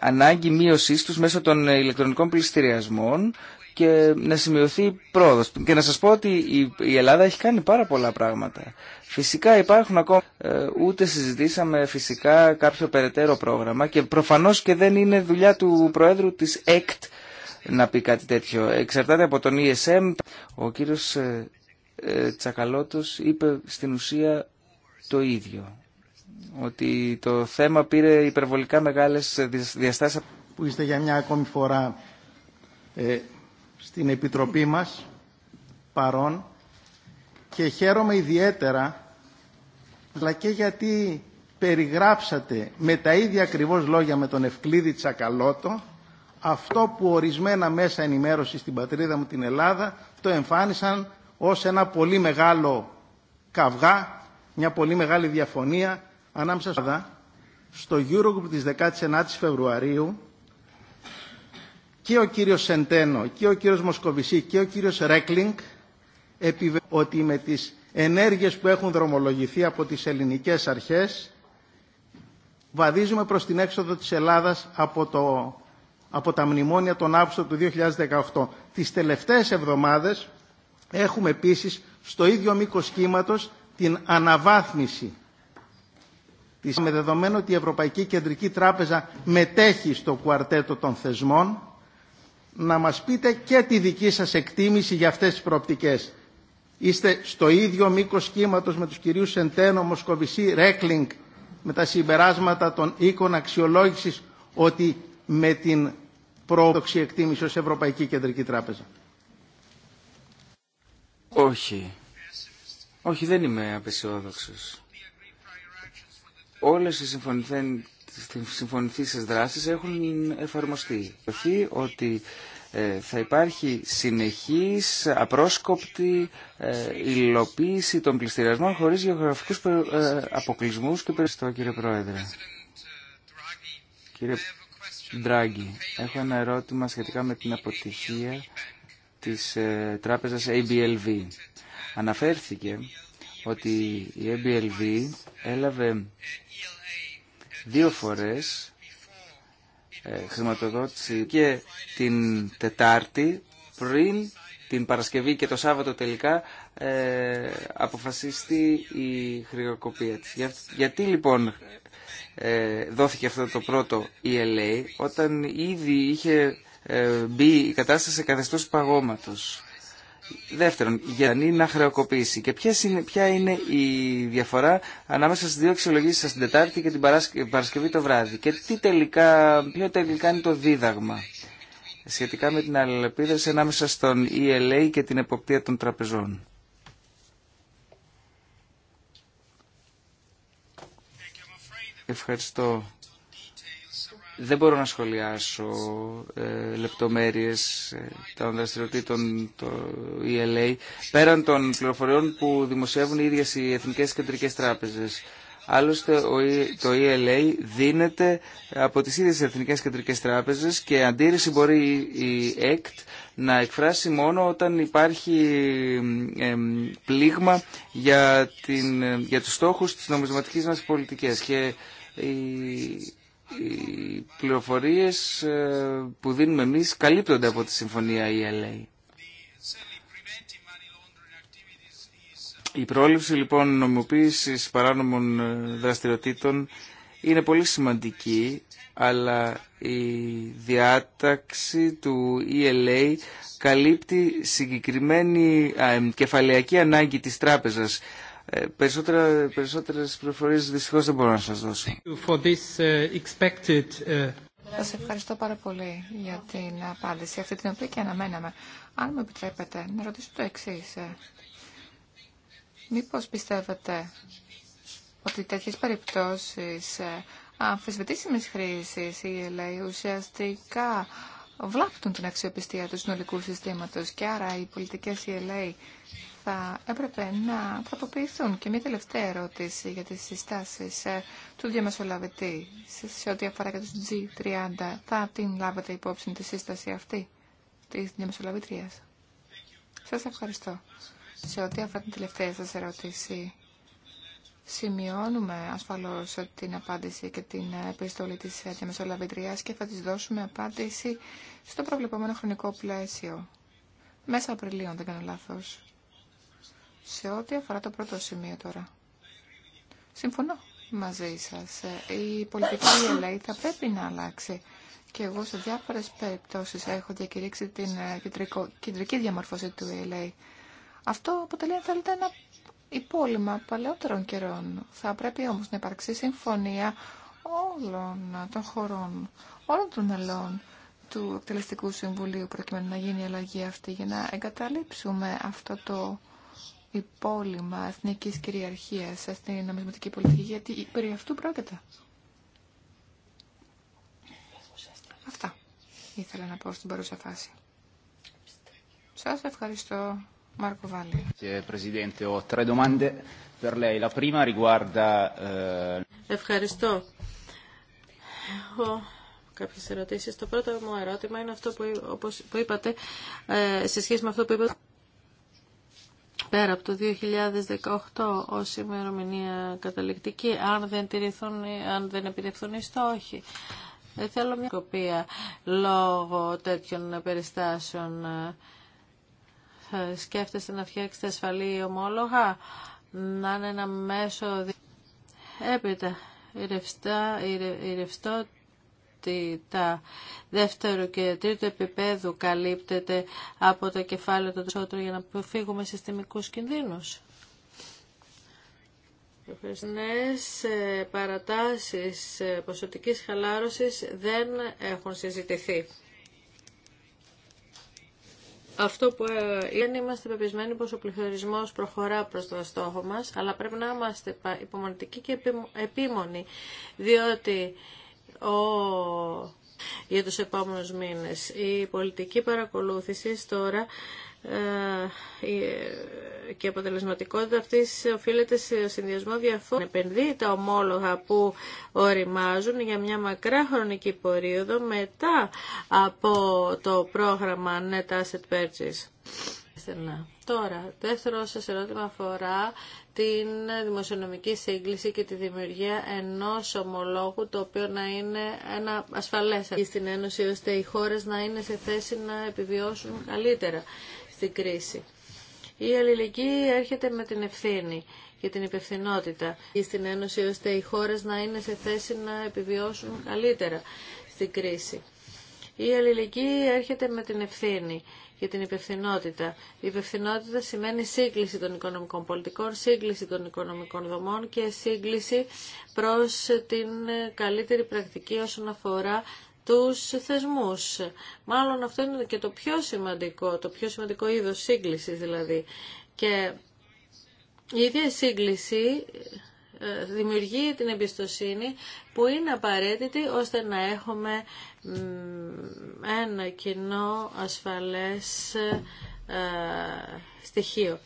ανάγκη μείωσής τους μέσω των ηλεκτρονικών πληστηριασμών και να σημειωθεί πρόοδο. Και να σα πω ότι η Ελλάδα έχει κάνει πάρα πολλά πράγματα. Φυσικά υπάρχουν ακόμα, ε, ούτε συζητήσαμε φυσικά κάποιο περαιτέρω πρόγραμμα και προφανώ και δεν είναι δουλειά του Προέδρου τη ΕΚΤ να πει κάτι τέτοιο. Εξαρτάται από τον ESM. Ο κύριος ε, ε, Τσακαλώτο είπε στην ουσία το ίδιο. Ότι το θέμα πήρε υπερβολικά μεγάλε διαστάσει Που είστε για μια ακόμη φορά στην Επιτροπή μας παρών, και χαίρομαι ιδιαίτερα αλλά και γιατί περιγράψατε με τα ίδια ακριβώς λόγια με τον Ευκλήδη Τσακαλώτο αυτό που ορισμένα μέσα ενημέρωση στην πατρίδα μου την Ελλάδα το εμφάνισαν ως ένα πολύ μεγάλο καυγά, μια πολύ μεγάλη διαφωνία ανάμεσα στο Eurogroup της 19ης Φεβρουαρίου και ο κύριος Σεντένο και ο κύριος Μοσκοβισή και ο κύριος Ρέκλινγκ επιβεβαιώνουν ότι με τις ενέργειες που έχουν δρομολογηθεί από τις ελληνικές αρχές βαδίζουμε προς την έξοδο της Ελλάδας από, το, από τα μνημόνια τον Αύγουστο του 2018. Τις τελευταίες εβδομάδες έχουμε επίσης στο ίδιο μήκο κύματο την αναβάθμιση με δεδομένο ότι η Ευρωπαϊκή Κεντρική Τράπεζα μετέχει στο κουαρτέτο των θεσμών να μας πείτε και τη δική σας εκτίμηση για αυτές τις προοπτικές. Είστε στο ίδιο μήκο κύματο με τους κυρίους Σεντένο, Μοσκοβισή, Ρέκλινγκ με τα συμπεράσματα των οίκων αξιολόγηση ότι με την πρόοδοξη εκτίμηση ως Ευρωπαϊκή Κεντρική Τράπεζα. Όχι. Όχι, δεν είμαι απεσιόδοξος. Όλες οι συμφωνηθέν συμφωνηθήσεις δράσεις έχουν εφαρμοστεί. Οχι ότι ε, θα υπάρχει συνεχής, απρόσκοπτη ε, υλοποίηση των πληστηριασμών χωρίς γεωγραφικούς ε, αποκλεισμούς και περισσότερο κύριε Πρόεδρε. Κύριε Ντράγκη, έχω ένα ερώτημα σχετικά με την αποτυχία της τράπεζας ABLV. Αναφέρθηκε ότι η ABLV έλαβε δύο φορές ε, χρηματοδότηση και την Τετάρτη πριν την Παρασκευή και το Σάββατο τελικά ε, αποφασιστεί η χρεοκοπία της. γιατί λοιπόν ε, δόθηκε αυτό το πρώτο ELA όταν ήδη είχε ε, μπει η κατάσταση σε καθεστώς παγώματος. Δεύτερον, για να χρεοκοπήσει. Και είναι, ποια είναι η διαφορά ανάμεσα στις δύο σα την Τετάρτη και την Παρασκευή το βράδυ. Και τι τελικά, ποιο τελικά είναι το δίδαγμα σχετικά με την αλληλεπίδραση ανάμεσα στον ELA και την εποπτεία των τραπεζών. Ευχαριστώ. Δεν μπορώ να σχολιάσω ε, λεπτομέρειες ε, των δραστηριοτήτων το ELA πέραν των πληροφοριών που δημοσιεύουν οι ίδιες οι Εθνικές Κεντρικές Τράπεζες. Άλλωστε e, το ELA δίνεται από τις ίδιες Εθνικές Κεντρικές Τράπεζες και αντίρρηση μπορεί η ΕΚΤ να εκφράσει μόνο όταν υπάρχει πλήγμα για, την, ε, για τους στόχους της νομισματικής μας πολιτικής. Και οι πληροφορίες ε, που δίνουμε εμείς καλύπτονται από τη συμφωνία ELA. Η πρόληψη λοιπόν νομιμοποίησης παράνομων ε, δραστηριοτήτων είναι πολύ σημαντική, αλλά η διάταξη του ELA καλύπτει συγκεκριμένη κεφαλαιακή ανάγκη της τράπεζας ε, περισσότερα, περισσότερες πληροφορίες δυστυχώς δεν μπορώ να σας δώσω. Uh, uh, Σα ευχαριστώ πάρα πολύ για την απάντηση αυτή την οποία και αναμέναμε. Αν μου επιτρέπετε να ρωτήσω το εξή. Ε. Μήπως πιστεύετε ότι τέτοιες περιπτώσεις ε, αμφισβητήσιμη χρήσης ή λέει ουσιαστικά βλάπτουν την αξιοπιστία του συνολικού συστήματος και άρα οι πολιτικές ΕΛΑ θα έπρεπε να τροποποιηθούν. Και μια τελευταία ερώτηση για τις συστάσεις ε, του διαμεσολαβητή σε ό,τι αφορά και τους G30. Θα την λάβετε υπόψη τη σύσταση αυτή της διαμεσολαβητρίας. Σας ευχαριστώ. Σε ό,τι αφορά την τελευταία σας ερώτηση, σημειώνουμε ασφαλώς την απάντηση και την ε, επιστολή της ε, διαμεσολαβητριάς και θα της δώσουμε απάντηση στο προβλεπόμενο χρονικό πλαίσιο. Μέσα Απριλίου, αν δεν κάνω λάθος. Σε ό,τι αφορά το πρώτο σημείο τώρα. Συμφωνώ μαζί σας. Ε, η πολιτική λέει θα πρέπει να αλλάξει. Και εγώ σε διάφορες περιπτώσεις έχω διακηρύξει την ε, κεντρικό, κεντρική διαμορφώση του ELA. Αυτό αποτελεί, αν θέλετε, ένα υπόλοιμα παλαιότερων καιρών. Θα πρέπει όμως να υπάρξει συμφωνία όλων των χωρών, όλων των ελών του Εκτελεστικού Συμβουλίου προκειμένου να γίνει η αλλαγή αυτή για να εγκαταλείψουμε αυτό το υπόλοιμα εθνική κυριαρχία στην νομισματική πολιτική, γιατί περί αυτού πρόκειται. Αυτά ήθελα να πω στην παρούσα φάση. Σας ευχαριστώ, Μάρκο Βάλλη. Eh, ευχαριστώ. Έχω κάποιες ερωτήσεις. Το πρώτο μου ερώτημα είναι αυτό που, όπως, που είπατε, ε, σε σχέση με αυτό που είπατε πέρα από το 2018 ως ημερομηνία καταληκτική αν δεν, τηρηθούν, αν δεν επιτευχθούν οι στόχοι. Δεν θέλω μια κοπία λόγω τέτοιων περιστάσεων. Ε, σκέφτεστε να φτιάξετε ασφαλή ομόλογα, να είναι ένα μέσο... Έπειτα, η, ότι τα δεύτερο και τρίτο επίπεδου καλύπτεται από τα κεφάλαια των τρισσότερων για να αποφύγουμε συστημικούς κινδύνους. Νέες ε, παρατάσεις ε, ποσοτικής χαλάρωσης δεν έχουν συζητηθεί. Αυτό που δεν είμαστε πεπισμένοι πως ο πληθωρισμός προχωρά προς το στόχο μας, αλλά πρέπει να είμαστε υπομονητικοί και επίμονοι, διότι για τους επόμενους μήνες. Η πολιτική παρακολούθηση τώρα ε, και η αποτελεσματικότητα αυτής οφείλεται σε συνδυασμό διαφόρων. Επενδύει τα ομόλογα που οριμάζουν για μια μακρά χρονική περίοδο μετά από το πρόγραμμα Net Asset Purchase. Τώρα, δεύτερο σα ερώτημα αφορά την δημοσιονομική σύγκληση και τη δημιουργία ενό ομολόγου το οποίο να είναι ένα ασφαλέ στην Ένωση ώστε οι χώρε να είναι σε θέση να επιβιώσουν καλύτερα στην κρίση. Η αλληλεγγύη έρχεται με την ευθύνη και την υπευθυνότητα στην Ένωση ώστε οι χώρε να είναι σε θέση να επιβιώσουν καλύτερα στην κρίση. Η αλληλεγγύη έρχεται με την ευθύνη για την υπευθυνότητα. Η υπευθυνότητα σημαίνει σύγκληση των οικονομικών πολιτικών, σύγκληση των οικονομικών δομών και σύγκληση προς την καλύτερη πρακτική όσον αφορά τους θεσμούς. Μάλλον αυτό είναι και το πιο σημαντικό, το πιο σημαντικό είδος σύγκλησης δηλαδή. Και η ίδια σύγκληση ε, δημιουργεί την εμπιστοσύνη που είναι απαραίτητη ώστε να έχουμε ένα κοινό ασφαλές ε, στοιχείο.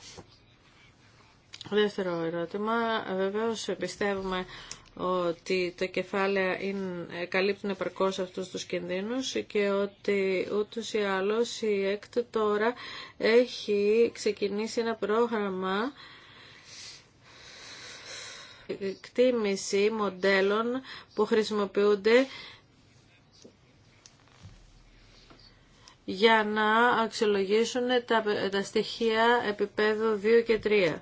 Δεύτερο ερώτημα. Βεβαίως πιστεύουμε ότι τα κεφάλαια είναι, καλύπτουν επαρκώς αυτούς τους κινδύνους και ότι ούτως ή άλλως η ΕΚΤ τώρα έχει ξεκινήσει ένα πρόγραμμα εκτίμηση μοντέλων που χρησιμοποιούνται για να αξιολογήσουν τα, τα στοιχεία επίπεδο 2 και 3.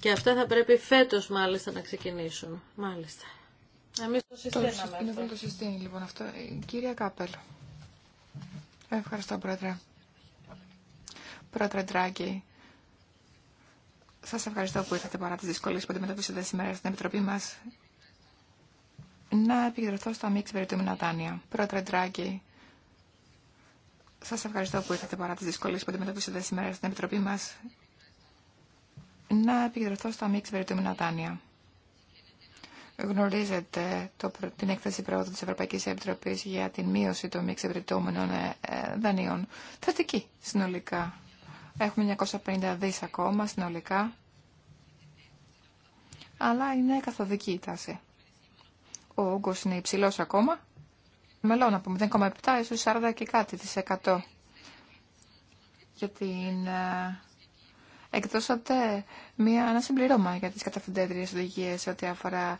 Και αυτά θα πρέπει φέτος μάλιστα να ξεκινήσουν. Μάλιστα. Εμείς το συστήναμε Είναι αυτό. Το συστήνει λοιπόν αυτό. Κύριε Κάπελ. Ευχαριστώ πρόεδρε. Πρόεδρε Ντράκη. Σας ευχαριστώ που ήρθατε παρά τι δυσκολίες που αντιμετωπίσατε σήμερα στην Επιτροπή μας. Να επικεντρωθώ στα μη εξυπηρετούμενα δάνεια. Πρόεδρε Ντράγκη, σας ευχαριστώ που ήρθατε παρά τι δυσκολίε που αντιμετωπίσατε σήμερα στην Επιτροπή μας. Να επικεντρωθώ στα μη εξυπηρετούμενα δάνεια. Γνωρίζετε το, την έκθεση πρόοδου της Ευρωπαϊκής Επιτροπής για την μείωση των μη ε, εξυπηρετούμενων δανείων. Θετική συνολικά Έχουμε 950 δις ακόμα συνολικά, αλλά είναι καθοδική η τάση. Ο όγκος είναι υψηλός ακόμα, μελών από 0,7 ίσως 40 και κάτι της 100. Για εκδώσατε μία, ένα συμπληρώμα για τις καταφυντέντριες οδηγίες ό,τι αφορά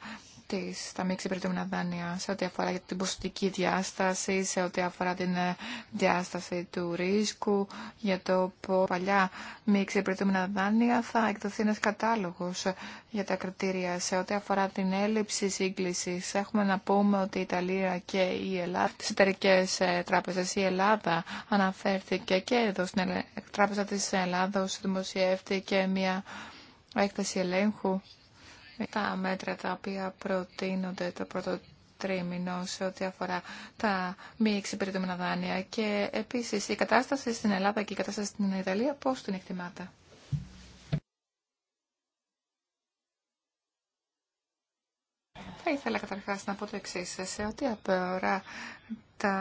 τα εξυπηρετούμενα δάνεια σε ό,τι αφορά την ποσοτική διάσταση, σε ό,τι αφορά την ε, διάσταση του ρίσκου, για το που παλιά μη εξυπηρετούμενα δάνεια θα εκδοθεί ένα κατάλογος για τα κριτήρια. Σε ό,τι αφορά την έλλειψη σύγκληση, έχουμε να πούμε ότι η Ιταλία και η Ελλάδα, τις εταιρικέ ε, τράπεζες, η Ελλάδα αναφέρθηκε και εδώ στην Τράπεζα της Ελλάδος δημοσιεύτηκε μια έκθεση ελέγχου τα μέτρα τα οποία προτείνονται το πρώτο τρίμηνο σε ό,τι αφορά τα μη εξυπηρετούμενα δάνεια και επίσης η κατάσταση στην Ελλάδα και η κατάσταση στην Ιταλία πώς την εκτιμάτε. Θα ήθελα καταρχάς να πω το εξή Σε ό,τι αφορά τα...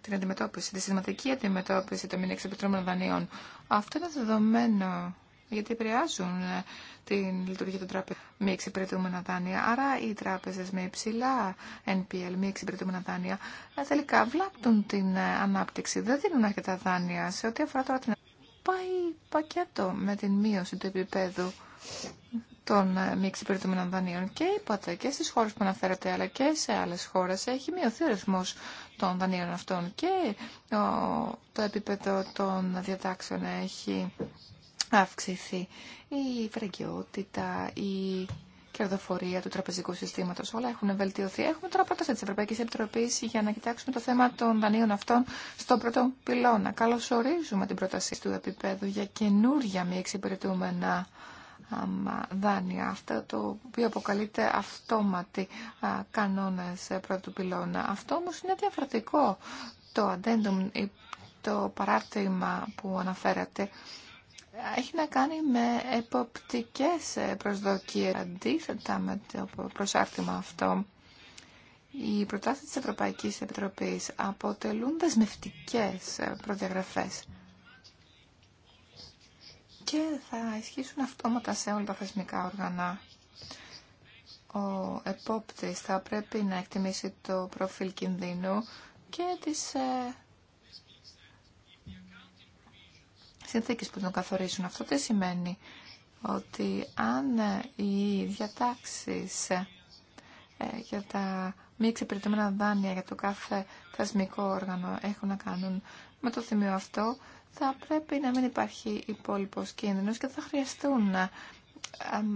την αντιμετώπιση, τη συστηματική αντιμετώπιση των μη εξυπηρετούμενων δανείων, αυτό είναι δεδομένο γιατί επηρεάζουν ε, την λειτουργία των τραπεζών μη εξυπηρετούμενα δάνεια. Άρα οι τράπεζε με υψηλά NPL, μη εξυπηρετούμενα δάνεια, ε, τελικά βλάπτουν την ε, ανάπτυξη. Δεν δίνουν αρκετά δάνεια. Σε ό,τι αφορά τώρα την. Πάει πακέτο με την μείωση του επίπεδου των μη εξυπηρετούμενων δανείων. Και είπατε και στι χώρε που αναφέρατε, αλλά και σε άλλε χώρε έχει μειωθεί ο ρυθμό των δανείων αυτών. Και το επίπεδο των διατάξεων έχει αυξηθεί η φραγκιότητα, η κερδοφορία του τραπεζικού συστήματο. Όλα έχουν βελτιωθεί. Έχουμε τώρα πρόταση τη Ευρωπαϊκή Επιτροπή για να κοιτάξουμε το θέμα των δανείων αυτών στον πρώτο πυλώνα. ορίζουμε την πρόταση του επίπεδου για καινούργια μη εξυπηρετούμενα δάνεια. Αυτό το οποίο αποκαλείται αυτόματι κανόνες ε, πρώτου πυλώνα. Αυτό όμω είναι διαφορετικό. Το αντέντομ, το παράρτημα που αναφέρατε έχει να κάνει με εποπτικές προσδοκίες αντίθετα με το προσάρτημα αυτό. Οι προτάσεις της Ευρωπαϊκής Επιτροπής αποτελούν δεσμευτικές προδιαγραφές και θα ισχύσουν αυτόματα σε όλα τα θεσμικά όργανα. Ο επόπτης θα πρέπει να εκτιμήσει το προφίλ κινδύνου και τις ε, συνθήκες που τον καθορίζουν. Αυτό τι σημαίνει ότι αν οι διατάξεις ε, για τα μη εξυπηρετούμενα δάνεια για το κάθε θεσμικό όργανο έχουν να κάνουν με το θυμίο αυτό, θα πρέπει να μην υπάρχει υπόλοιπο κίνδυνος και θα χρειαστούν ε,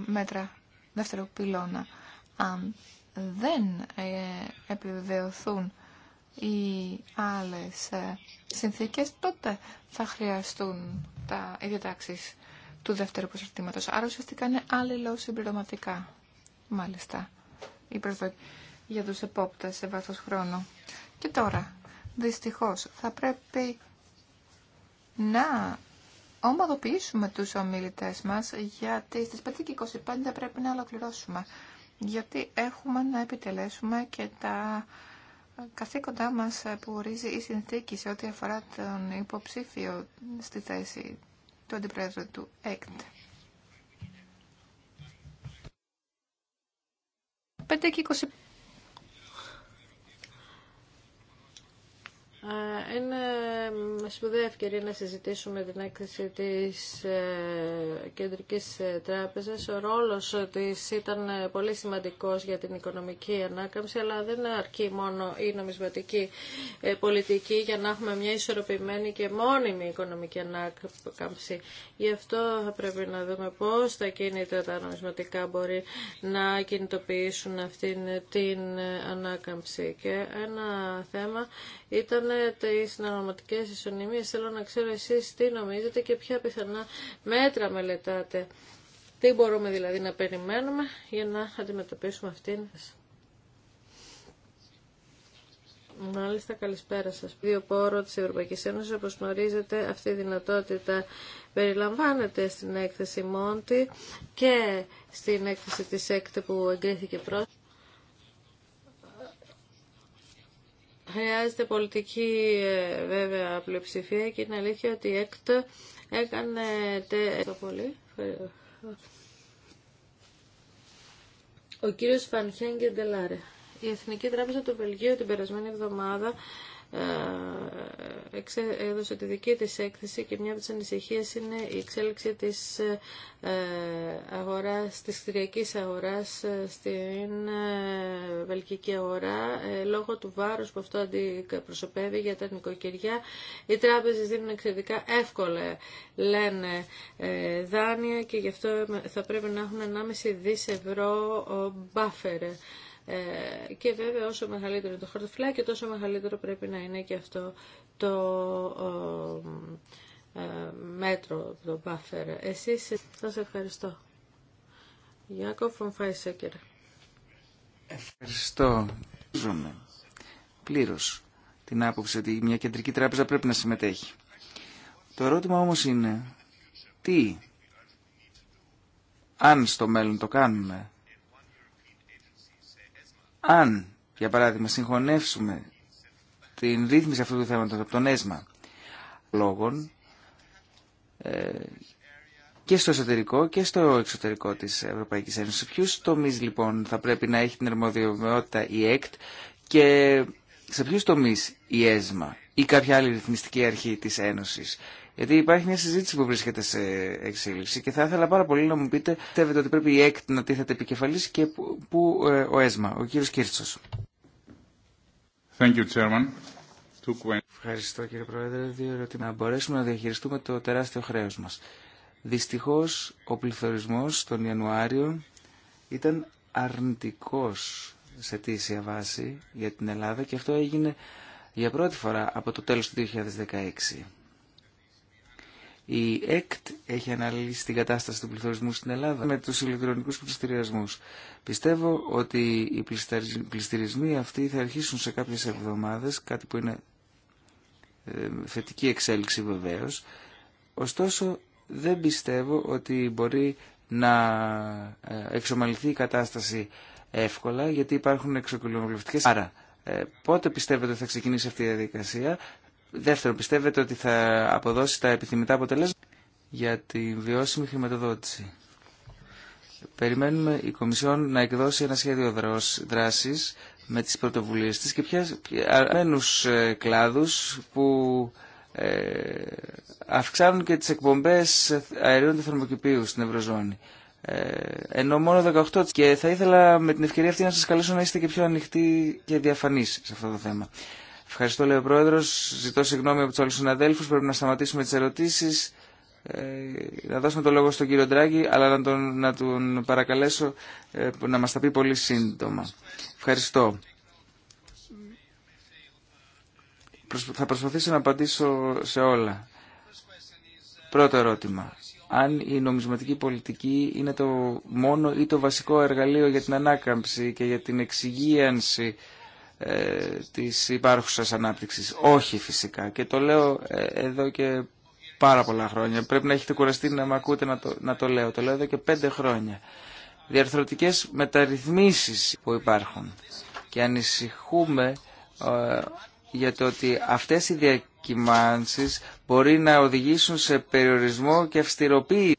μέτρα δεύτερου πυλώνα. Αν δεν ε, επιβεβαιωθούν οι άλλες ε, συνθήκες, τότε θα χρειαστούν τα διατάξει του δεύτερου προσαρτήματος. Άρα ουσιαστικά είναι άλληλο συμπληρωματικά, μάλιστα, η για τους επόπτες σε βάθος χρόνου. Και τώρα, δυστυχώς, θα πρέπει να ομαδοποιήσουμε τους ομιλητές μας, γιατί στις 5.25 πρέπει να ολοκληρώσουμε. Γιατί έχουμε να επιτελέσουμε και τα καθήκοντά μας που ορίζει η συνθήκη σε ό,τι αφορά τον υποψήφιο στη θέση του Αντιπρόεδρου του ΕΚΤ. Είναι σπουδαία ευκαιρία να συζητήσουμε την έκθεση της ε, Κεντρικής ε, Τράπεζας. Ο ρόλος της ήταν ε, πολύ σημαντικός για την οικονομική ανάκαμψη, αλλά δεν αρκεί μόνο η νομισματική πολιτική για να έχουμε μια ισορροπημένη και μόνιμη οικονομική ανάκαμψη. Γι' αυτό θα πρέπει να δούμε πώς τα κίνητρα τα νομισματικά μπορεί να κινητοποιήσουν αυτήν την ανάκαμψη. Και ένα θέμα ήταν οι συναγωματικέ ισονομίες. Θέλω να ξέρω εσείς τι νομίζετε και ποια πιθανά μέτρα μελετάτε. Τι μπορούμε δηλαδή να περιμένουμε για να αντιμετωπίσουμε αυτήν. Μάλιστα, καλησπέρα σα. Δύο πόρο τη Ευρωπαϊκή Ένωση, όπω γνωρίζετε, αυτή η δυνατότητα περιλαμβάνεται στην έκθεση Μόντι και στην έκθεση τη ΕΚΤΕ που εγκρίθηκε πρόσφατα. Χρειάζεται πολιτική ε, βέβαια πλειοψηφία και είναι αλήθεια ότι η ΕΚΤ έκανε το πολύ. Ο κύριος Φανχέν Η Εθνική Τράπεζα του Βελγίου την περασμένη εβδομάδα ε, έδωσε τη δική της έκθεση και μια από τις ανησυχίες είναι η εξέλιξη της ε, αγοράς, της κτηριακής αγοράς ε, στην Βελκική αγορά λόγω του βάρους που αυτό αντιπροσωπεύει για τα νοικοκυριά οι τράπεζες δίνουν εξαιρετικά εύκολα λένε δάνεια και γι' αυτό θα πρέπει να έχουν 1,5 δις ευρώ buffer ε, και βέβαια όσο μεγαλύτερο είναι το χαρτοφυλάκι τόσο μεγαλύτερο πρέπει να είναι και αυτό το ε, μέτρο, το buffer. Εσείς σας ευχαριστώ. Γιάκο Ευχαριστώ. Ζούμε πλήρως την άποψη ότι μια κεντρική τράπεζα πρέπει να συμμετέχει. Το ερώτημα όμως είναι τι αν στο μέλλον το κάνουμε αν, για παράδειγμα, συγχωνεύσουμε την ρύθμιση αυτού του θέματος από τον ΕΣΜΑ λόγων ε, και στο εσωτερικό και στο εξωτερικό της Ευρωπαϊκής Ένωσης. Ποιους τομείς λοιπόν θα πρέπει να έχει την αρμοδιότητα η ΕΚΤ και σε ποιους τομείς η ΕΣΜΑ ή κάποια άλλη ρυθμιστική αρχή της Ένωσης. Γιατί υπάρχει μια συζήτηση που βρίσκεται σε εξέλιξη και θα ήθελα πάρα πολύ να μου πείτε, πιστεύετε ότι πρέπει η ΕΚΤ να τίθεται επικεφαλής και πού ε, ο ΕΣΜΑ, ο κύριο Κίρτσο. Ευχαριστώ κύριε Πρόεδρε. διότι Να μπορέσουμε να διαχειριστούμε το τεράστιο χρέο μα. Δυστυχώ, ο πληθωρισμός τον Ιανουάριο ήταν αρνητικό σε τήσια βάση για την Ελλάδα και αυτό έγινε για πρώτη φορά από το τέλος του 2016. Η ΕΚΤ έχει αναλύσει την κατάσταση του πληθωρισμού στην Ελλάδα με τους ηλεκτρονικούς πληστηριασμούς. Πιστεύω ότι οι πληστηρισμοί αυτοί θα αρχίσουν σε κάποιες εβδομάδες, κάτι που είναι ε, θετική εξέλιξη βεβαίως. Ωστόσο δεν πιστεύω ότι μπορεί να ε, εξομαλυθεί η κατάσταση εύκολα γιατί υπάρχουν εξοκοινοβουλευτικές. Άρα ε, πότε πιστεύετε ότι θα ξεκινήσει αυτή η διαδικασία Δεύτερον, πιστεύετε ότι θα αποδώσει τα επιθυμητά αποτελέσματα για τη βιώσιμη χρηματοδότηση. Περιμένουμε η Κομισιόν να εκδώσει ένα σχέδιο δράσης με τις πρωτοβουλίες της και ποιες αρμένους ε, κλάδους που ε, αυξάνουν και τις εκπομπές αερίων του θερμοκηπίου στην Ευρωζώνη. Ε, ενώ μόνο 18 και θα ήθελα με την ευκαιρία αυτή να σας καλέσω να είστε και πιο ανοιχτοί και διαφανείς σε αυτό το θέμα. Ευχαριστώ, λέει ο Πρόεδρο. Ζητώ συγγνώμη από του άλλου συναδέλφου. Πρέπει να σταματήσουμε τι ερωτήσει. Ε, να δώσουμε το λόγο στον κύριο Ντράγκη, αλλά να τον, να τον παρακαλέσω ε, να μα τα πει πολύ σύντομα. Ευχαριστώ. Θα προσπαθήσω να απαντήσω σε όλα. Πρώτο ερώτημα. Αν η νομισματική πολιτική είναι το μόνο ή το βασικό εργαλείο για την ανάκαμψη και για την εξυγίανση ε, της υπάρχουσας ανάπτυξης. Όχι φυσικά και το λέω ε, εδώ και πάρα πολλά χρόνια. Πρέπει να έχετε κουραστεί να με ακούτε να το, να το λέω. Το λέω εδώ και πέντε χρόνια. Διαρθρωτικές μεταρρυθμίσεις που υπάρχουν και ανησυχούμε ε, για το ότι αυτές οι διακυμάνσεις μπορεί να οδηγήσουν σε περιορισμό και αυστηροποίηση.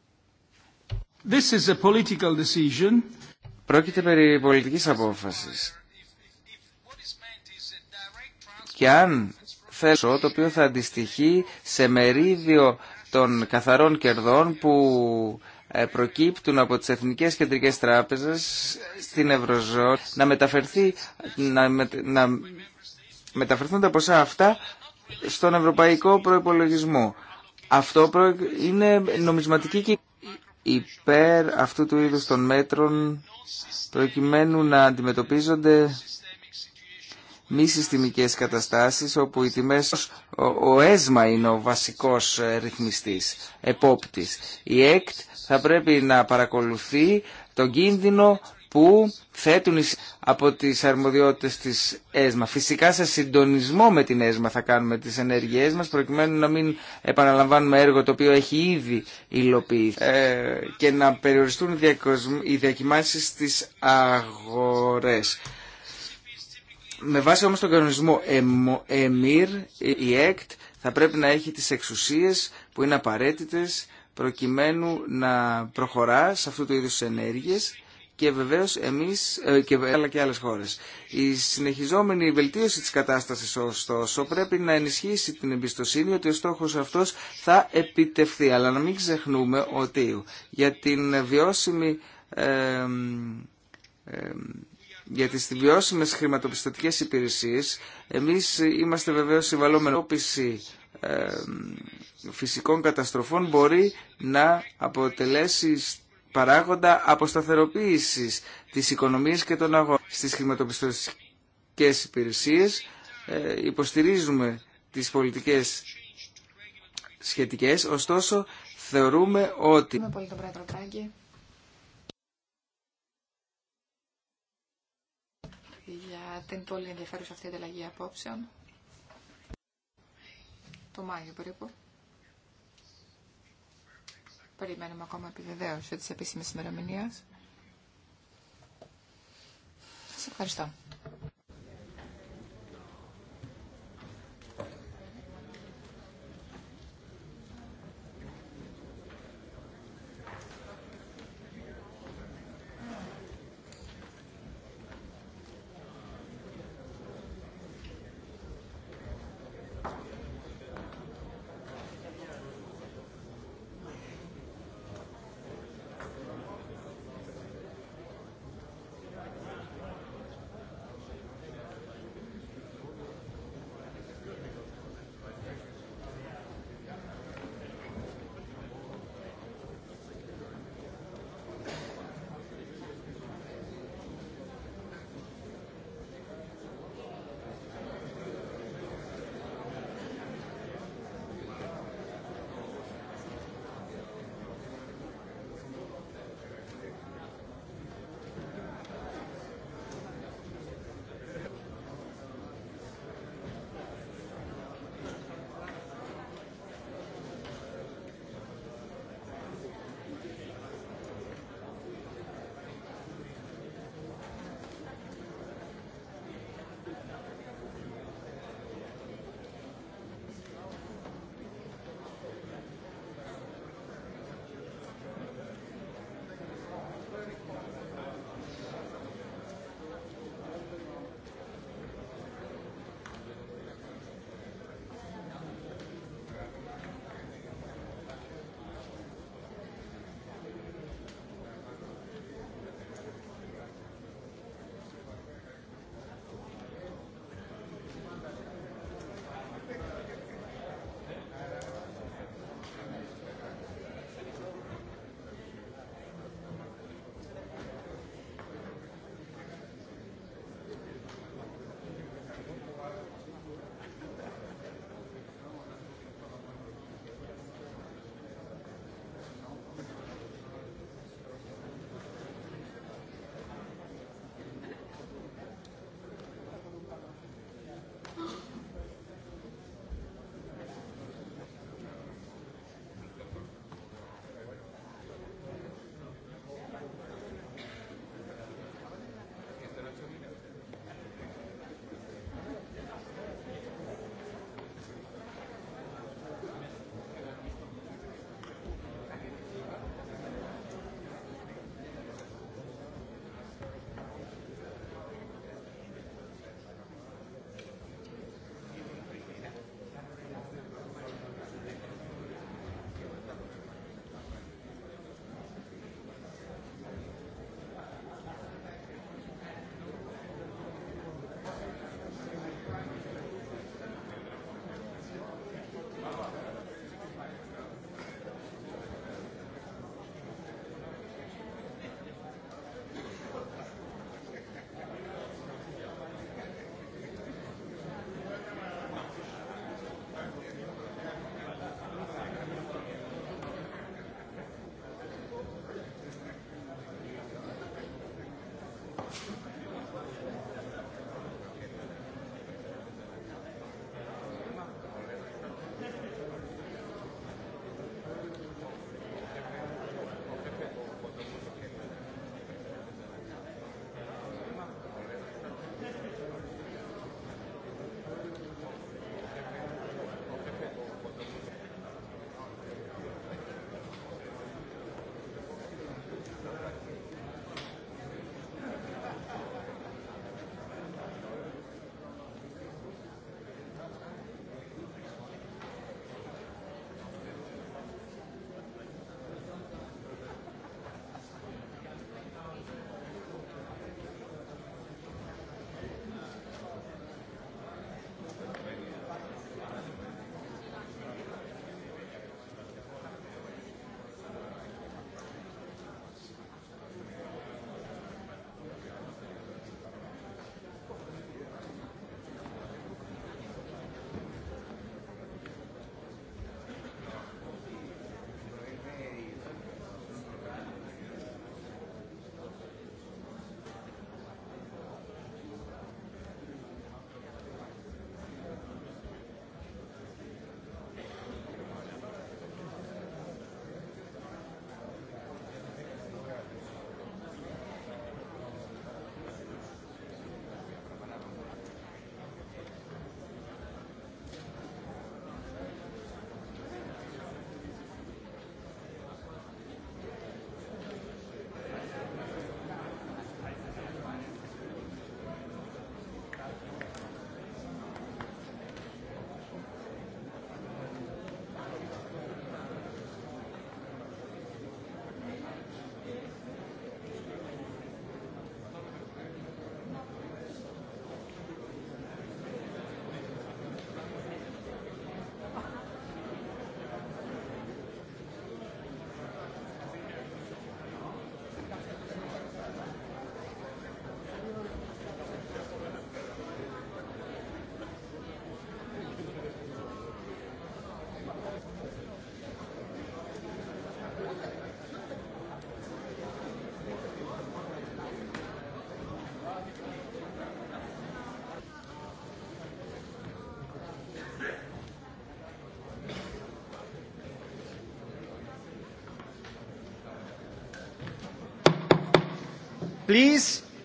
This is political decision. Πρόκειται περί πολιτικής απόφασης και αν θέλω το οποίο θα αντιστοιχεί σε μερίδιο των καθαρών κερδών που ε, προκύπτουν από τις Εθνικές Κεντρικές Τράπεζες στην Ευρωζώνη να, μεταφερθεί, να, να μεταφερθούν τα ποσά αυτά στον ευρωπαϊκό προϋπολογισμό. Αυτό είναι νομισματική και υπέρ αυτού του είδους των μέτρων προκειμένου να αντιμετωπίζονται μη συστημικές καταστάσεις όπου οι ο ΕΣΜΑ είναι ο βασικός ε, ρυθμιστής, επόπτης. Η ΕΚΤ θα πρέπει να παρακολουθεί τον κίνδυνο που θέτουν από τις αρμοδιότητες της ΕΣΜΑ. Φυσικά σε συντονισμό με την ΕΣΜΑ θα κάνουμε τις ενέργειές μας προκειμένου να μην επαναλαμβάνουμε έργο το οποίο έχει ήδη υλοποιηθεί ε, και να περιοριστούν οι διακοιμάνσεις στις αγορές. Με βάση όμως τον κανονισμό ΕΜΙΡ, η ΕΚΤ θα πρέπει να έχει τις εξουσίες που είναι απαραίτητες προκειμένου να προχωρά σε αυτού του είδους ενέργειες και βεβαίως εμείς, ε, και, αλλά και άλλες χώρες. Η συνεχιζόμενη βελτίωση της κατάστασης ωστόσο πρέπει να ενισχύσει την εμπιστοσύνη ότι ο στόχος αυτός θα επιτευχθεί. Αλλά να μην ξεχνούμε ότι για την βιώσιμη ε, ε για τις βιώσιμες χρηματοπιστωτικές υπηρεσίες, εμείς είμαστε βεβαίως συμβαλόμενοι. Η ε, φυσικών καταστροφών μπορεί να αποτελέσει παράγοντα αποσταθεροποίησης της οικονομίας και των αγώνων. Στις χρηματοπιστωτικές υπηρεσίες ε, υποστηρίζουμε τις πολιτικές σχετικές, ωστόσο θεωρούμε ότι... την πολύ ενδιαφέρουσα αυτή η ανταλλαγή απόψεων. Το Μάιο περίπου. Περιμένουμε ακόμα επιβεβαίωση της επίσημης ημερομηνία. Σας ευχαριστώ.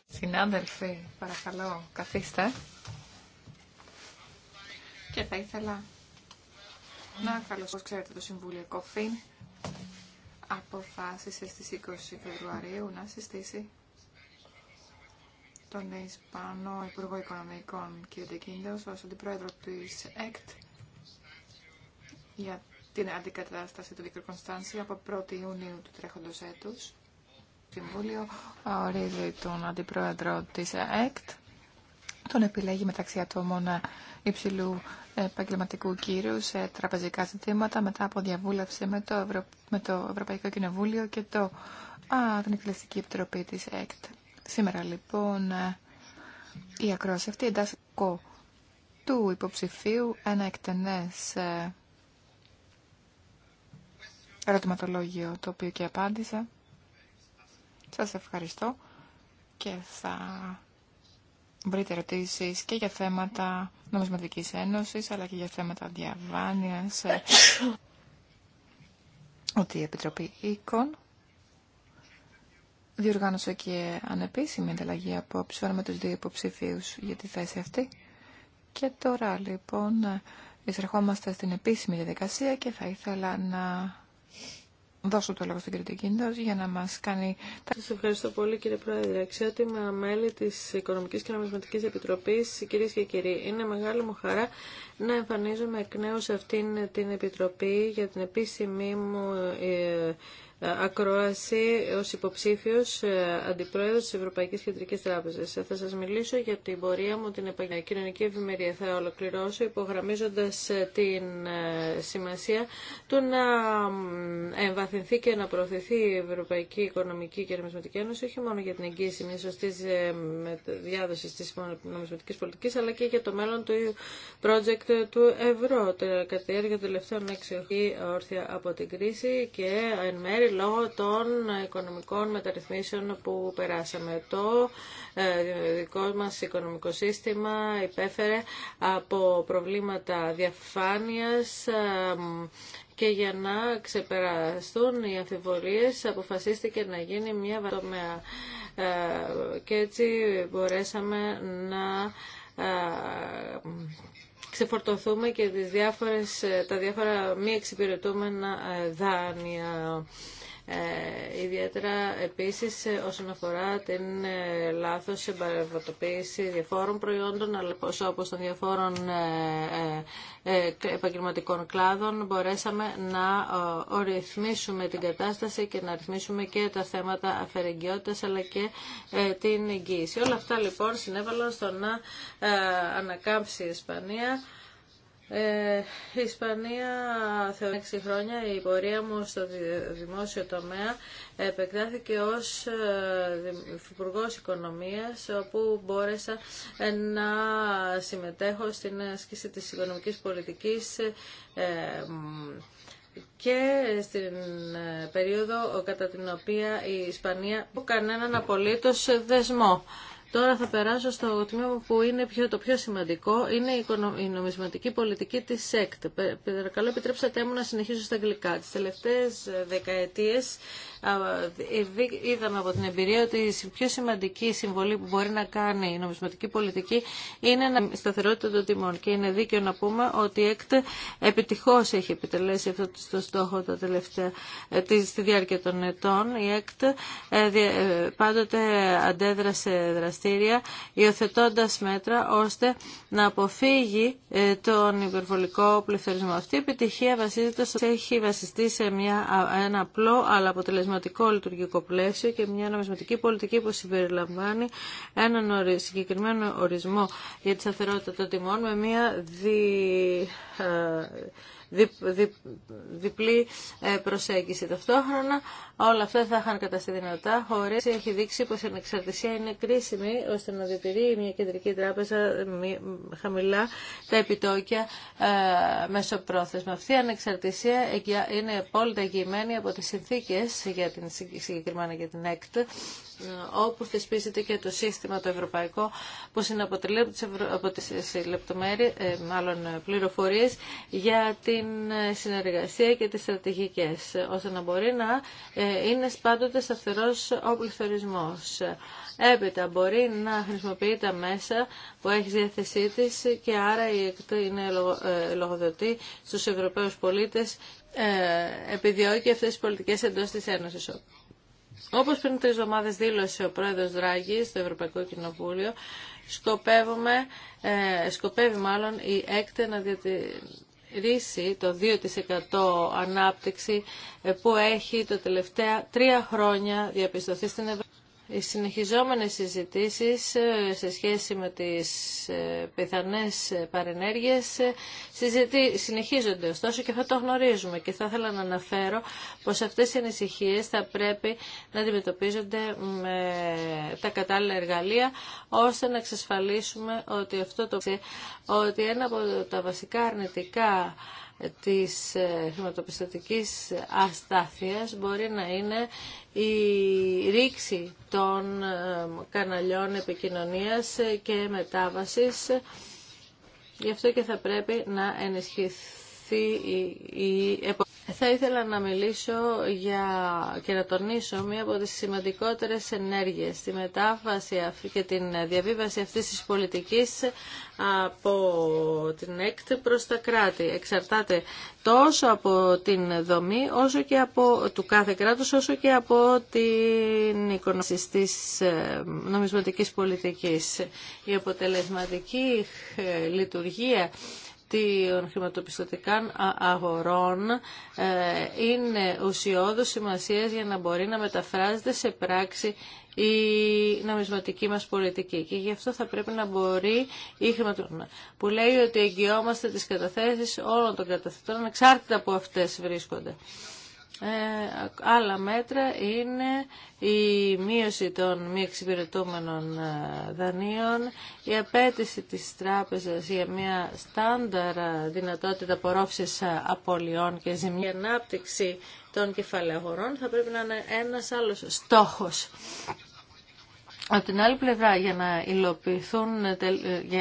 Συνάδελφοι, παρακαλώ, καθίστε. Και θα ήθελα να καλώσω, όπως ξέρετε, το Συμβούλιο ΚΟΦΗΝ αποφάσισε στις 20 Φεβρουαρίου να συστήσει τον Ισπανό Υπουργό Οικονομικών κ. Ντεκίνδος ως αντιπρόεδρο της ΕΚΤ για την αντικατάσταση του κ. Κωνστανση από 1η Ιουνίου του τρέχοντος έτους Συμβούλιο ορίζει τον αντιπρόεδρο της ΕΚΤ, τον επιλέγει μεταξύ ατόμων υψηλού επαγγελματικού κύρου σε τραπεζικά ζητήματα μετά από διαβούλευση με το, Ευρω... με Ευρωπαϊκό Κοινοβούλιο και το... Α, την Εκκληστική Επιτροπή της ΕΚΤ. Σήμερα λοιπόν η ακρόαση αυτή εντάσσει του υποψηφίου ένα εκτενές ε, ερωτηματολόγιο το οποίο και απάντησα. Σας ευχαριστώ και θα βρείτε ερωτήσει και για θέματα νομισματικής ένωσης αλλά και για θέματα διαβάνειας ότι η Επιτροπή Οίκων διοργάνωσε και ανεπίσημη ανταλλαγή απόψεων με τους δύο υποψηφίους για τη θέση αυτή. Και τώρα λοιπόν εισερχόμαστε στην επίσημη διαδικασία και θα ήθελα να δώσω το λόγο στην κριτική για να μας κάνει... Σας ευχαριστώ πολύ κύριε Πρόεδρε. Αξιότιμα μέλη της Οικονομικής και Νομισματικής Επιτροπής, κύριε και κύριοι, είναι μεγάλη μου χαρά να εμφανίζομαι εκ νέου σε αυτήν την Επιτροπή για την επίσημή μου ε, ακρόαση ως υποψήφιος ε, αντιπρόεδρος της Ευρωπαϊκής Κεντρικής Τράπεζας. Ε, θα σας μιλήσω για την πορεία μου, την κοινωνική ευημερία. Θα ολοκληρώσω υπογραμμίζοντας ε, την σημασία του να εμβαθυνθεί και να προωθηθεί η Ευρωπαϊκή Οικονομική και Νομισματική Ένωση, όχι μόνο για την εγγύηση μια σωστή διάδοση τη νομισματική πολιτική, αλλά και για το μέλλον του project του ευρώ. Κατά τη διάρκεια των τελευταίων έξι όρθια από την κρίση και εν μέρει λόγω των οικονομικών μεταρρυθμίσεων που περάσαμε. Το ε, δικό μας οικονομικό σύστημα υπέφερε από προβλήματα διαφάνειας ε, και για να ξεπεραστούν οι αμφιβολίες αποφασίστηκε να γίνει μια βατομέα. Ε, και έτσι μπορέσαμε να ξεφορτωθούμε και ε, τα διάφορα μη εξυπηρετούμενα ε, δάνεια. Ε, ιδιαίτερα επίσης όσον αφορά την ε, λάθος εμπαρευματοποίηση διαφόρων προϊόντων αλλά όπως των διαφόρων ε, ε, επαγγελματικών κλάδων μπορέσαμε να οριθμίσουμε την κατάσταση και να ρυθμίσουμε και τα θέματα αφαιρεγγιότητας αλλά και την εγγύηση. Όλα αυτά λοιπόν συνέβαλαν στο να ανακάμψει η Ισπανία η ε, Ισπανία θεωρεί 6 χρόνια η πορεία μου στο δημόσιο τομέα επεκτάθηκε ως ε, Υπουργό Οικονομίας όπου μπόρεσα ε, να συμμετέχω στην άσκηση της οικονομικής πολιτικής και στην περίοδο κατά την οποία η Ισπανία που κανέναν απολύτως δεσμό. Τώρα θα περάσω στο τμήμα που είναι πιο, το πιο σημαντικό, είναι η νομισματική πολιτική της ΣΕΚΤ. Παρακαλώ επιτρέψατε μου να συνεχίσω στα αγγλικά. Τις τελευταίες δεκαετίες είδαμε από την εμπειρία ότι η πιο σημαντική συμβολή που μπορεί να κάνει η νομισματική πολιτική είναι η σταθερότητα των τιμών. Και είναι δίκαιο να πούμε ότι η ΕΚΤ επιτυχώς έχει επιτελέσει αυτό το στόχο τα τελευταία, ε, στη διάρκεια των ετών. Η ΕΚΤ ε, ε, πάντοτε αντέδρασε δραστήρια υιοθετώντα μέτρα ώστε να αποφύγει τον υπερβολικό πληθωρισμό. Αυτή η επιτυχία βασίζεται έχει βασιστεί σε μια, ένα απλό αλλά αποτελεσματικό νομισματικό λειτουργικό πλαίσιο και μια νομισματική πολιτική που συμπεριλαμβάνει έναν συγκεκριμένο ορισμό για τη σταθερότητα των τιμών με μια δι δι, ε, δι, διπλή ε, προσέγγιση. Ταυτόχρονα όλα αυτά θα είχαν καταστεί δυνατά χωρίς έχει δείξει πως η ανεξαρτησία είναι κρίσιμη ώστε να διατηρεί μια κεντρική τράπεζα χαμηλά τα επιτόκια ε, μέσω πρόθεσμα. Αυτή η ανεξαρτησία είναι απόλυτα εγγυημένη από τις συνθήκες για την, συγκεκριμένα για την ΕΚΤ όπου θεσπίζεται και το σύστημα το ευρωπαϊκό που συναποτελεί από τις λεπτομέρειες, ε, μάλλον ε, πληροφορίες για την ε, συνεργασία και τις στρατηγικές, ώστε να μπορεί να είναι πάντοτε σταθερός ο πληθωρισμός. Έπειτα μπορεί να χρησιμοποιεί τα μέσα που έχει διαθεσή της και άρα η ΕΚΤ είναι λογοδοτή στους Ευρωπαίους πολίτες επιδιώκει αυτές τις πολιτικές εντός της Ένωσης. Όπως πριν τρεις εβδομάδες δήλωσε ο πρόεδρος Δράγη στο Ευρωπαϊκό Κοινοβούλιο, σκοπεύουμε, ε, σκοπεύει μάλλον η ΕΚΤΕ να διατηρήσει το 2% ανάπτυξη ε, που έχει τα τελευταία τρία χρόνια διαπιστωθεί στην Ευρώπη. Οι συνεχιζόμενες συζητήσεις ε, σε σχέση με τις ε, πιθανές παρενέργειες ε, συνεχίζονται ωστόσο και θα το γνωρίζουμε και θα ήθελα να αναφέρω πως αυτές οι ανησυχίες θα πρέπει να αντιμετωπίζονται με τα κατάλληλα εργαλεία ώστε να εξασφαλίσουμε ότι αυτό το ότι ένα από τα βασικά αρνητικά της χρηματοπιστωτικής αστάθειας μπορεί να είναι η ρήξη των ε, καναλιών επικοινωνίας ε, και μετάβασης. Γι' αυτό και θα πρέπει να ενισχυθεί η εποχή. Θα ήθελα να μιλήσω για και να τονίσω μία από τις σημαντικότερες ενέργειες, τη μετάφαση και την διαβίβαση αυτής της πολιτικής από την ΕΚΤ προς τα κράτη. Εξαρτάται τόσο από την δομή όσο και από του κάθε κράτους όσο και από την οικονομική της ε, νομισματικής πολιτικής. Η αποτελεσματική ε, λειτουργία των χρηματοπιστωτικών αγορών ε, είναι ουσιώδους σημασία για να μπορεί να μεταφράζεται σε πράξη η νομισματική μας πολιτική και γι' αυτό θα πρέπει να μπορεί η χρηματοδότηση που λέει ότι εγγυόμαστε τις καταθέσεις όλων των καταθετών ανεξάρτητα από αυτές βρίσκονται. Ε, άλλα μέτρα είναι η μείωση των μη εξυπηρετούμενων ε, δανείων, η απέτηση της τράπεζας για μια στάνταρ δυνατότητα απορρόφησης ε, απολειών και ζημιά. Η ανάπτυξη των κεφαλαίων θα πρέπει να είναι ένας άλλος στόχος. Από την άλλη πλευρά, για να υλοποιηθούν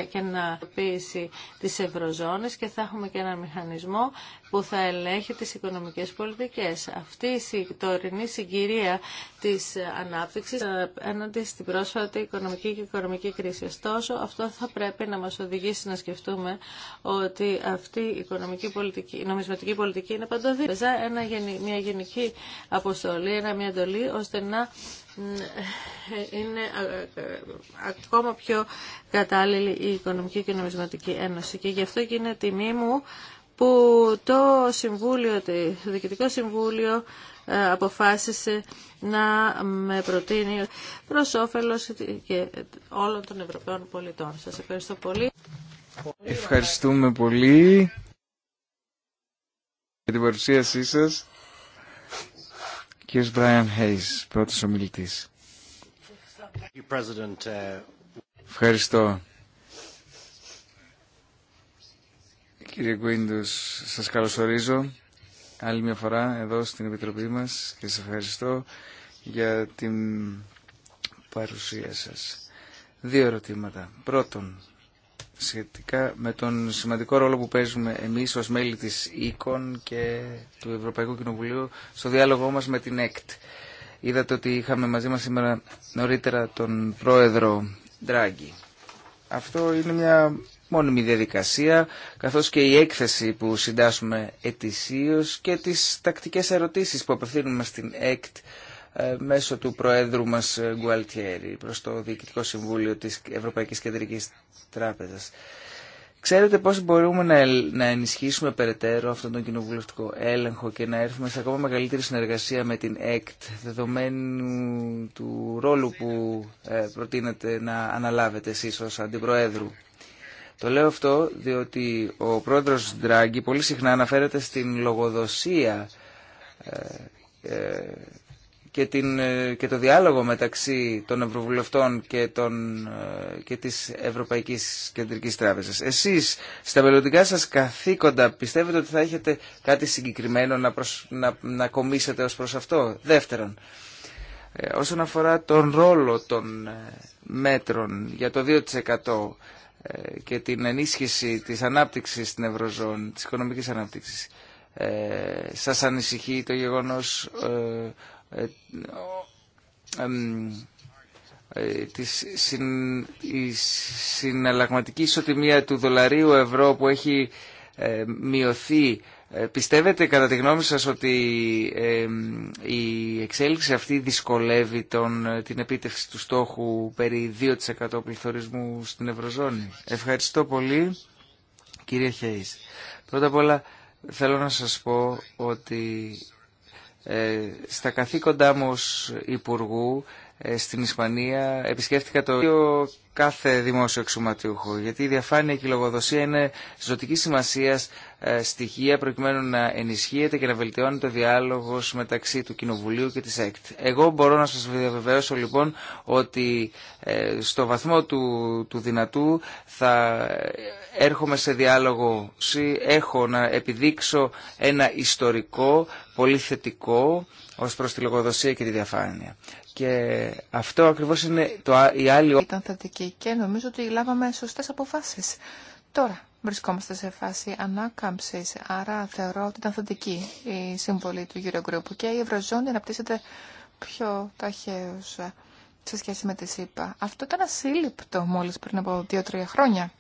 και να υλοποιήσει τις ευρωζώνες και θα έχουμε και ένα μηχανισμό που θα ελέγχει τις οικονομικές πολιτικές. Αυτή η τωρινή συγκυρία της ανάπτυξης ε, έναντι στην πρόσφατη οικονομική και οικονομική κρίση. Ωστόσο, αυτό θα πρέπει να μας οδηγήσει να σκεφτούμε ότι αυτή η οικονομική πολιτική, η νομισματική πολιτική είναι παντοδύναμη. Ένα, μια γενική αποστολή, ένα μια εντολή, ώστε να είναι ε, ε, ακόμα πιο κατάλληλη η Οικονομική και Νομισματική Ένωση. Και γι' αυτό και είναι τιμή μου που το, συμβούλιο, το Διοικητικό Συμβούλιο ε, αποφάσισε να με προτείνει προς όφελος και όλων των Ευρωπαίων πολιτών. Σας ευχαριστώ πολύ. Ευχαριστούμε πολύ για την παρουσίασή σας. Κύριος Brian Hayes, πρώτος ομιλητής. Ευχαριστώ. Κύριε Κουίντους, σας καλωσορίζω άλλη μια φορά εδώ στην Επιτροπή μας και σας ευχαριστώ για την παρουσία σας. Δύο ερωτήματα. Πρώτον, σχετικά με τον σημαντικό ρόλο που παίζουμε εμείς ως μέλη της ΕΚΟΝ και του Ευρωπαϊκού Κοινοβουλίου στο διάλογό μας με την ΕΚΤ. Είδατε ότι είχαμε μαζί μας σήμερα νωρίτερα τον πρόεδρο Ντράγκη. Αυτό είναι μια μόνιμη διαδικασία, καθώς και η έκθεση που συντάσσουμε ετησίως και τις τακτικές ερωτήσεις που απευθύνουμε στην ΕΚΤ ε, μέσω του Προέδρου μας ε, Γκουαλτιέρη προς το Διοικητικό Συμβούλιο της Ευρωπαϊκής Κεντρικής Τράπεζας. Ξέρετε πώς μπορούμε να, να ενισχύσουμε περαιτέρω αυτόν τον κοινοβουλευτικό έλεγχο και να έρθουμε σε ακόμα μεγαλύτερη συνεργασία με την ΕΚΤ δεδομένου του ρόλου που ε, προτείνετε να αναλάβετε εσείς ως Αντιπροέδρου το λέω αυτό διότι ο πρόεδρος Ντράγκη πολύ συχνά αναφέρεται στην λογοδοσία ε, ε, και, την, ε, το διάλογο μεταξύ των Ευρωβουλευτών και, των, και της Ευρωπαϊκής Κεντρικής Τράπεζας. Εσείς στα μελλοντικά σας καθήκοντα πιστεύετε ότι θα έχετε κάτι συγκεκριμένο να, προσ, να, να κομίσετε ως προς αυτό. Δεύτερον, όσον αφορά τον ρόλο των μέτρων για το 2% ε, και την ενίσχυση της ανάπτυξης στην Ευρωζώνη, της οικονομικής ανάπτυξης. Ε, σας ανησυχεί το γεγονός ε, ε, ε, ε της συν, η συναλλαγματική ισοτιμία του δολαρίου ευρώ που έχει μειωθεί ε, πιστεύετε κατά τη γνώμη σας ότι η εξέλιξη αυτή δυσκολεύει τον, ε, την επίτευξη του στόχου περί 2% πληθωρισμού στην Ευρωζώνη. Ευχαριστώ πολύ κύριε Χέις. Πρώτα απ' όλα θέλω να σας πω ότι ε, στα καθήκοντά μου Υπουργού ε, στην Ισπανία επισκέφτηκα το κάθε δημόσιο εξωματιούχο γιατί η διαφάνεια και η λογοδοσία είναι ζωτική σημασία ε, στοιχεία προκειμένου να ενισχύεται και να βελτιώνεται ο διάλογος μεταξύ του Κοινοβουλίου και της ΕΚΤ. Εγώ μπορώ να σας διαβεβαιώσω λοιπόν ότι ε, στο βαθμό του, του δυνατού θα έρχομαι σε διάλογο έχω να επιδείξω ένα ιστορικό, πολύ θετικό Ω προ τη λογοδοσία και τη διαφάνεια. Και αυτό ακριβώ είναι το, η άλλη... Ήταν θετική και νομίζω ότι λάβαμε σωστέ αποφάσει. Τώρα βρισκόμαστε σε φάση ανάκαμψη. άρα θεωρώ ότι ήταν θετική η σύμβολη του Eurogroup και η Ευρωζώνη αναπτύσσεται πιο ταχαίω σε σχέση με τη ΣΥΠΑ. Αυτό ήταν ασύλληπτο μόλι πριν από δύο-τρία χρόνια.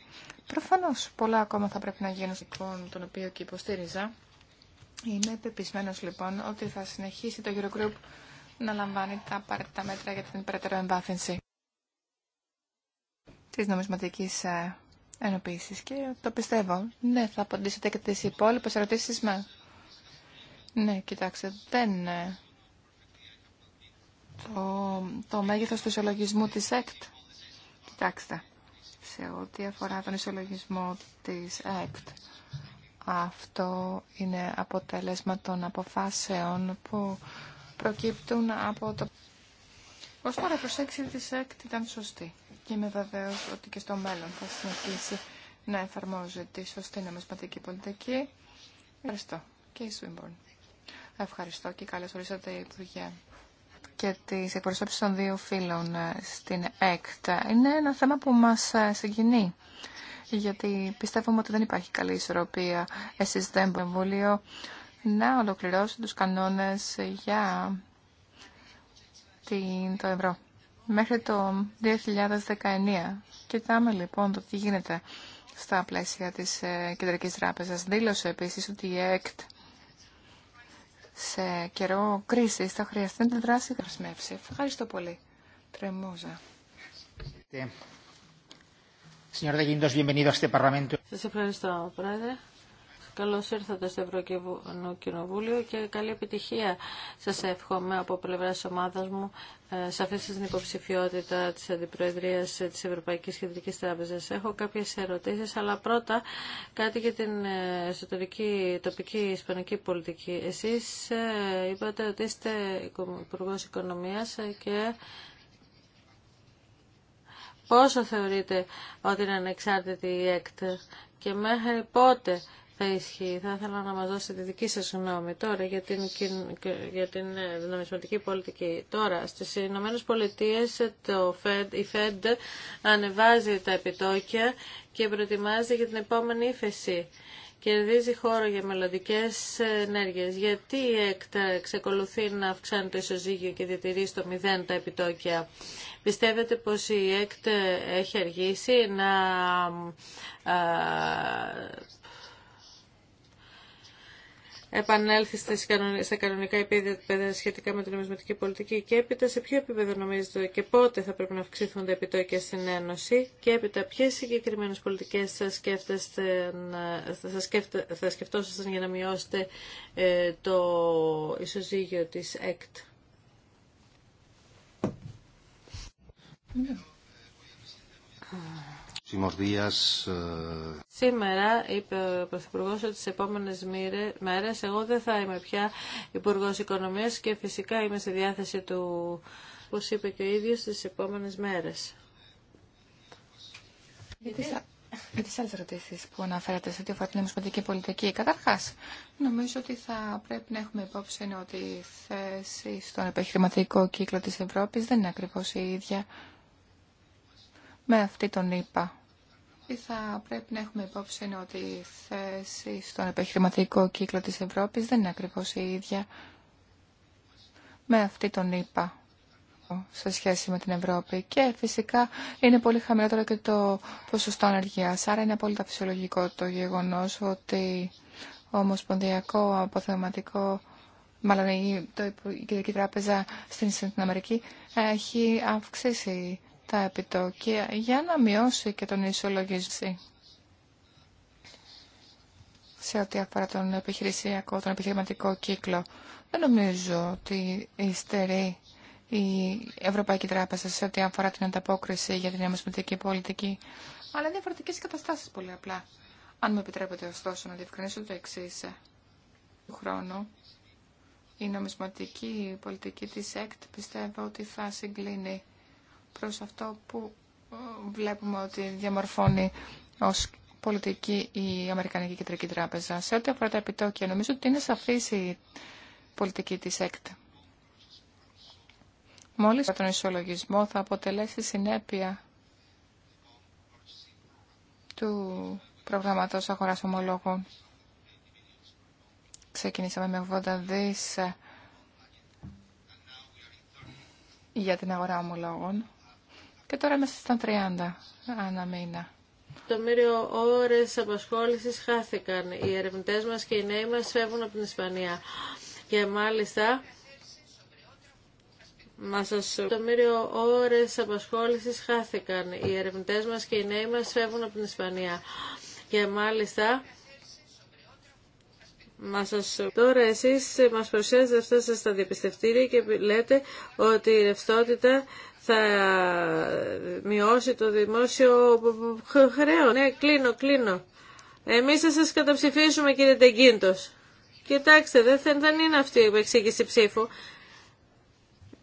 Προφανώ. πολλά ακόμα θα πρέπει να γίνουν, λοιπόν, τον οποίο και υποστήριζα. Είμαι πεπισμένο λοιπόν ότι θα συνεχίσει το Eurogroup να λαμβάνει τα απαραίτητα μέτρα για την περαιτέρω εμβάθυνση τη νομισματική ε, ενοποίηση. και το πιστεύω. Ναι, θα απαντήσετε και τι υπόλοιπε ερωτήσει, με. Ναι, κοιτάξτε, δεν ε, το, το μέγεθο του ισολογισμού τη ΕΚΤ. Κοιτάξτε, σε ό,τι αφορά τον ισολογισμό τη ΕΚΤ, αυτό είναι αποτέλεσμα των αποφάσεων που προκύπτουν από το... Ως τώρα προσέξη της ΕΚΤ ήταν σωστή και είμαι βεβαίως ότι και στο μέλλον θα συνεχίσει να εφαρμόζει τη σωστή νομισματική πολιτική. Ευχαριστώ. Και η Σουίμπορν. Ευχαριστώ και καλώς ορίσατε Υπουργέ και τις εκπροσώπηση των δύο φίλων ε, στην ΕΚΤ. Είναι ένα θέμα που μας ε, συγκινεί γιατί πιστεύουμε ότι δεν υπάρχει καλή ισορροπία. Εσείς δεν μπορείτε να ολοκληρώσει τους κανόνες για την, το ευρώ. Μέχρι το 2019. Κοιτάμε λοιπόν το τι γίνεται στα πλαίσια της ε, Κεντρικής Τράπεζας. Δήλωσε επίσης ότι η ΕΚΤ σε καιρό κρίσης θα χρειαστεί να την δράση Ευχαριστώ πολύ. Τρεμόζα. Ε, σας ευχαριστώ, Πρόεδρε. Καλώς ήρθατε στο Ευρωκοινοβούλιο και καλή επιτυχία σας εύχομαι από πλευράς ομάδας μου ε, σε αυτή την υποψηφιότητα της Αντιπροεδρίας της Ευρωπαϊκής Κεντρικής Τράπεζας. Έχω κάποιες ερωτήσεις, αλλά πρώτα κάτι για την ε, εσωτερική τοπική ισπανική πολιτική. Εσεί ε, είπατε ότι είστε υπουργό Οικονομίας και πόσο θεωρείτε ότι είναι ανεξάρτητη η ΕΚΤ και μέχρι πότε θα ισχύει. Θα ήθελα να μας δώσετε τη δική σας γνώμη τώρα για την, για την ε, νομισματική πολιτική. Τώρα, στις Ηνωμένες Πολιτείες το Fed, η ΦΕΔ ανεβάζει τα επιτόκια και προετοιμάζει για την επόμενη ύφεση κερδίζει χώρο για μελλοντικέ ενέργειες. Γιατί η ΕΚΤ εξακολουθεί να αυξάνει το ισοζύγιο και διατηρεί στο μηδέν τα επιτόκια. Πιστεύετε πως η ΕΚΤ έχει αργήσει να επανέλθει στα κανονικά επίπεδα σχετικά με την νομισματική πολιτική και έπειτα σε ποιο επίπεδο νομίζετε και πότε θα πρέπει να αυξηθούν τα επιτόκια στην Ένωση και έπειτα ποιε συγκεκριμένε πολιτικέ θα, σκέφτεστε, θα, σκεφτόσασταν για να μειώσετε ε, το ισοζύγιο της ΕΚΤ. Ναι. Ε, Σήμερα είπε ο Πρωθυπουργό ότι τι επόμενε μέρε εγώ δεν θα είμαι πια Υπουργό Οικονομία και φυσικά είμαι στη διάθεση του, όπω είπε και ο ίδιο, τι επόμενε μέρε. Για τι άλλε ερωτήσει που αναφέρατε σε ό,τι αφορά την νομισματική πολιτική, καταρχά, νομίζω ότι θα πρέπει να έχουμε υπόψη ότι η θέση στον επιχειρηματικό κύκλο τη Ευρώπη δεν είναι ακριβώ η ίδια με αυτή τον είπα θα πρέπει να έχουμε υπόψη ότι η θέση στον επιχειρηματικό κύκλο της Ευρώπης δεν είναι ακριβώς η ίδια με αυτή τον ΗΠΑ σε σχέση με την Ευρώπη και φυσικά είναι πολύ χαμηλότερο και το ποσοστό ανεργία. Άρα είναι απόλυτα φυσιολογικό το γεγονός ότι ομοσπονδιακό, αποθεματικό, μάλλον η, το, Κεντρική Τράπεζα στην Αμερική έχει αυξήσει τα επιτόκια για να μειώσει και τον ισολογισμό σε ό,τι αφορά τον επιχειρησιακό, τον επιχειρηματικό κύκλο. Δεν νομίζω ότι υστερεί η Ευρωπαϊκή Τράπεζα σε ό,τι αφορά την ανταπόκριση για την νομισματική πολιτική, αλλά διαφορετικέ διαφορετικές καταστάσεις πολύ απλά. Αν μου επιτρέπετε ωστόσο να διευκρινίσω το εξή του χρόνου, η νομισματική πολιτική της ΕΚΤ πιστεύω ότι θα συγκλίνει προς αυτό που ε, βλέπουμε ότι διαμορφώνει ως πολιτική η Αμερικανική Κεντρική Τράπεζα. Σε ό,τι αφορά τα επιτόκια, νομίζω ότι είναι σαφής η πολιτική της ΕΚΤ. Μόλις τον ισολογισμό θα αποτελέσει συνέπεια του προγραμματός αγοράς ομολόγων. Ξεκινήσαμε με 80 δις για την αγορά ομολόγων και τώρα είμαστε στα 30 ανά μήνα. Το μύριο ώρες απασχόλησης χάθηκαν. Οι ερευνητέ μας και οι νέοι μας φεύγουν από την Ισπανία. Και μάλιστα Το μύριο ώρες απασχόλησης χάθηκαν. Οι ερευνητέ μας και οι νέοι μας φεύγουν από την Ισπανία. Και μάλιστα... Τώρα εσείς μας παρουσιάζετε αυτά σας τα διαπιστευτήρια και λέτε ότι η ρευστότητα θα μειώσει το δημόσιο χρέο. Ναι, κλείνω, κλείνω. Εμείς θα σας καταψηφίσουμε κύριε Τεγκίντος. Κοιτάξτε, δεν, δεν είναι αυτή η εξήγηση ψήφου.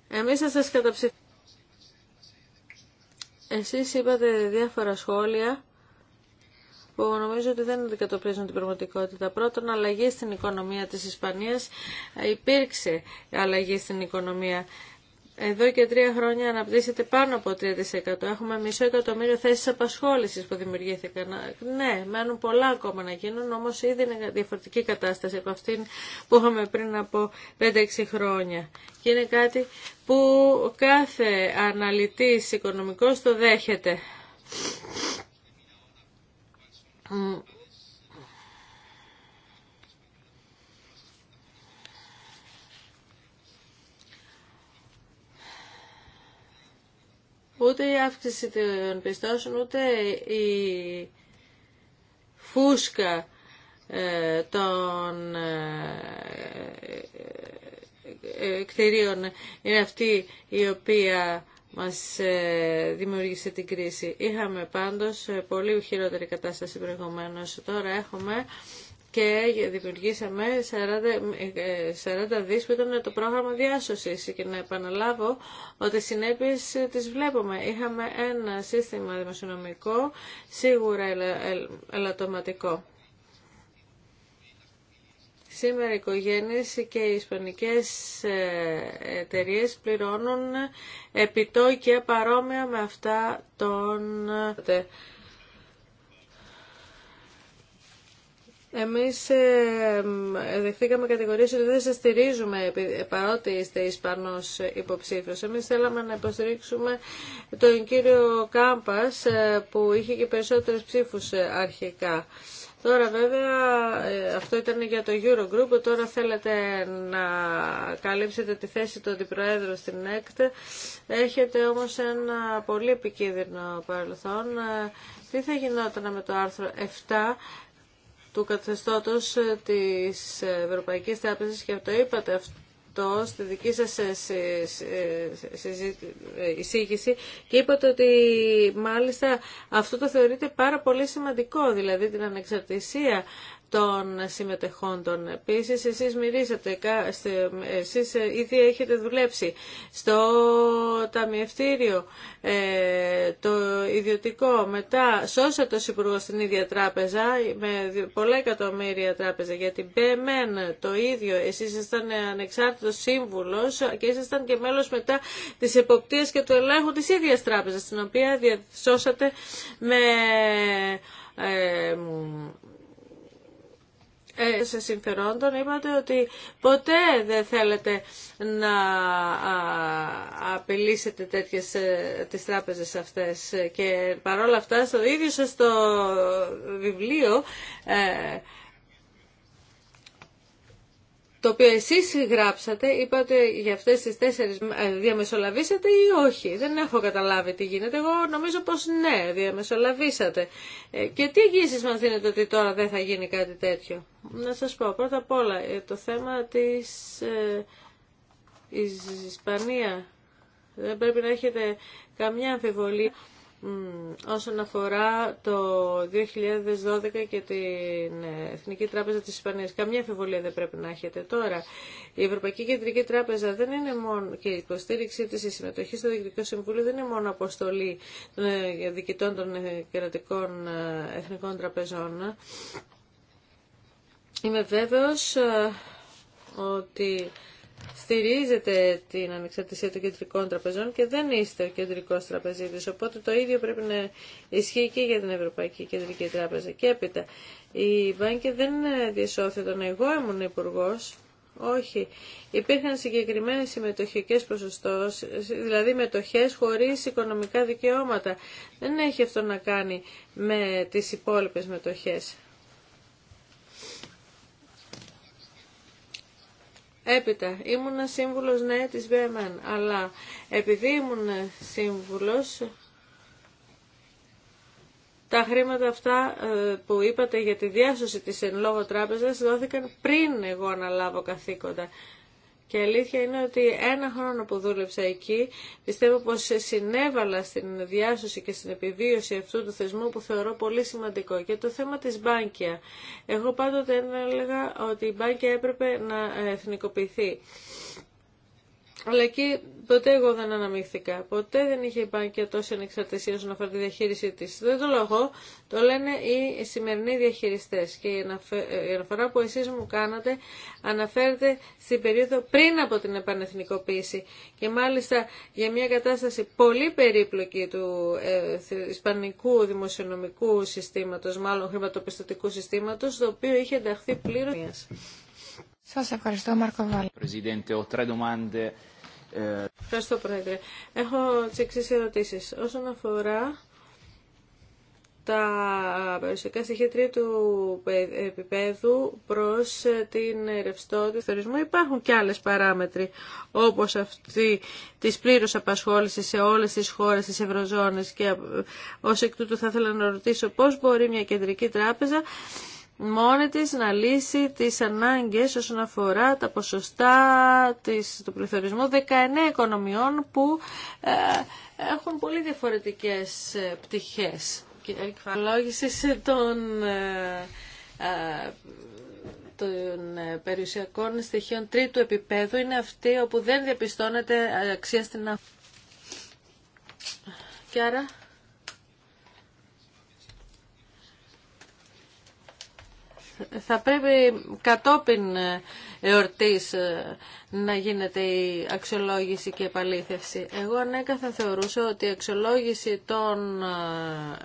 Εμείς θα σας καταψηφίσουμε. Εσείς είπατε διάφορα σχόλια που νομίζω ότι δεν αντικατοπτρίζουν την πραγματικότητα. Πρώτον, αλλαγή στην οικονομία της Ισπανίας. Υπήρξε αλλαγή στην οικονομία εδώ και τρία χρόνια αναπτύσσεται πάνω από 3%. Έχουμε μισό εκατομμύριο θέσει απασχόληση που δημιουργήθηκαν. Ναι, μένουν πολλά ακόμα να γίνουν, όμω ήδη είναι διαφορετική κατάσταση από αυτήν που είχαμε πριν από 5-6 χρόνια. Και είναι κάτι που κάθε αναλυτής οικονομικός το δέχεται. ούτε η αύξηση των πιστώσεων, ούτε η φούσκα ε, των ε, ε, κτηρίων είναι αυτή η οποία μας δημιούργησε την κρίση. Είχαμε πάντως πολύ χειρότερη κατάσταση προηγουμένως. Τώρα έχουμε και δημιουργήσαμε 40, 40 δις που ήταν το πρόγραμμα διάσωσης και να επαναλάβω ότι συνέπειες τις βλέπουμε. Είχαμε ένα σύστημα δημοσιονομικό σίγουρα ελαττωματικό. Σήμερα οι οικογένειες και οι ισπανικές ε, εταιρείε πληρώνουν επιτόκια παρόμοια με αυτά των ε, Εμείς ε, δεχθήκαμε κατηγορίες ότι δεν σας στηρίζουμε παρότι είστε Ισπανός υποψήφιος. Εμείς θέλαμε να υποστηρίξουμε τον κύριο Κάμπας ε, που είχε και περισσότερες ψήφους ε, αρχικά. Τώρα βέβαια αυτό ήταν για το Eurogroup, τώρα θέλετε να καλύψετε τη θέση του Αντιπροέδρου στην ΕΚΤ. Έχετε όμως ένα πολύ επικίνδυνο παρελθόν. Τι θα γινόταν με το άρθρο 7 του καθεστώτος ε, της Ευρωπαϊκής Τράπεζας και αυτό είπατε αυτό στη δική σας ε, ε, εισήγηση και είπατε ότι μάλιστα αυτό το θεωρείτε πάρα πολύ σημαντικό, δηλαδή την ανεξαρτησία των συμμετεχόντων. Επίσης, εσείς μυρίσατε, εσείς ήδη έχετε δουλέψει στο ταμιευτήριο, ε, το ιδιωτικό, μετά σώσατε ως υπουργό στην ίδια τράπεζα, με πολλά εκατομμύρια τράπεζα, γιατί μπέμεν το ίδιο, εσείς ήσασταν ανεξάρτητος σύμβουλος και ήσασταν και μέλος μετά της εποπτείας και του ελέγχου της ίδιας τράπεζας, την οποία διασώσατε με... Ε, ε, σε συμφερόντων είπατε ότι ποτέ δεν θέλετε να απειλήσετε τέτοιες ε, τις τράπεζες αυτές και παρόλα αυτά στο ίδιο σας το βιβλίο ε, το οποίο εσείς γράψατε, είπατε για αυτές τις τέσσερις ε, διαμεσολαβήσατε ή όχι. Δεν έχω καταλάβει τι γίνεται. Εγώ νομίζω πως ναι, διαμεσολαβήσατε. Ε, και τι εγγύησεις μας δίνετε ότι τώρα δεν θα γίνει κάτι τέτοιο. Να σας πω πρώτα απ' όλα ε, το θέμα της Ισπανία. Δεν πρέπει να έχετε καμιά αμφιβολία όσον αφορά το 2012 και την ε, Εθνική Τράπεζα της Ισπανίας. Καμία αφιβολία δεν πρέπει να έχετε τώρα. Η Ευρωπαϊκή Κεντρική Τράπεζα δεν είναι μόνο, και η υποστήριξή της, η συμμετοχή στο Διοικητικό Συμβούλιο δεν είναι μόνο αποστολή των ε, διοικητών των ε, κρατικών εθνικών τραπεζών. Είμαι βέβαιος ότι στηρίζετε την ανεξαρτησία των κεντρικών τραπεζών και δεν είστε ο κεντρικός τραπεζίτης. Οπότε το ίδιο πρέπει να ισχύει και για την Ευρωπαϊκή Κεντρική Τράπεζα. Και έπειτα, η Μπάνκη δεν διασώθη τον εγώ ήμουν υπουργό. Όχι. Υπήρχαν συγκεκριμένες συμμετοχικές ποσοστώσεις, δηλαδή μετοχές χωρίς οικονομικά δικαιώματα. Δεν έχει αυτό να κάνει με τις υπόλοιπες μετοχές. Έπειτα, ήμουν σύμβουλος ναι της BMN, αλλά επειδή ήμουν σύμβουλος, τα χρήματα αυτά ε, που είπατε για τη διάσωση της εν λόγω τράπεζας δόθηκαν πριν εγώ αναλάβω καθήκοντα. Και η αλήθεια είναι ότι ένα χρόνο που δούλεψα εκεί, πιστεύω πως συνέβαλα στην διάσωση και στην επιβίωση αυτού του θεσμού που θεωρώ πολύ σημαντικό. Και το θέμα της Μπάνκια. Εγώ πάντοτε έλεγα ότι η Μπάνκια έπρεπε να εθνικοποιηθεί. Αλλά εκεί ποτέ εγώ δεν αναμίχθηκα, Ποτέ δεν είχε υπάρξει και τόση ανεξαρτησία όσον αφορά τη διαχείρισή τη. Δεν το λέω το λένε οι σημερινοί διαχειριστέ. Και η αναφορά που εσεί μου κάνατε αναφέρεται στην περίοδο πριν από την επανεθνικοποίηση. Και μάλιστα για μια κατάσταση πολύ περίπλοκη του ε, ισπανικού δημοσιονομικού συστήματο, μάλλον χρηματοπιστωτικού συστήματο, το οποίο είχε ενταχθεί πλήρω ευχαριστώ, Μάρκο eh, Ευχαριστώ, Πρόεδρε. Έχω τι εξή ερωτήσει. Όσον αφορά τα περιουσιακά στοιχεία τρίτου επίπεδου προ ε, την ρευστότητα του θεωρισμού. Υπάρχουν και άλλε παράμετροι όπω αυτή τη πλήρους απασχόληση σε όλε τι χώρε τη Ευρωζώνη. και ως εκ τούτου θα ήθελα να ρωτήσω πώ μπορεί μια κεντρική τράπεζα μόνη της να λύσει τις ανάγκες όσον αφορά τα ποσοστά της, του πληθωρισμού 19 οικονομιών που ε, έχουν πολύ διαφορετικές ε, πτυχές και εκφαλόγησης των, ε, των περιουσιακών στοιχείων τρίτου επίπεδου είναι αυτή όπου δεν διαπιστώνεται αξία στην αυτοκίνηση. Και άρα Θα πρέπει κατόπιν ε, εορτής ε, να γίνεται η αξιολόγηση και επαλήθευση. Εγώ ανέκαθεν θεωρούσα ότι η αξιολόγηση των ε,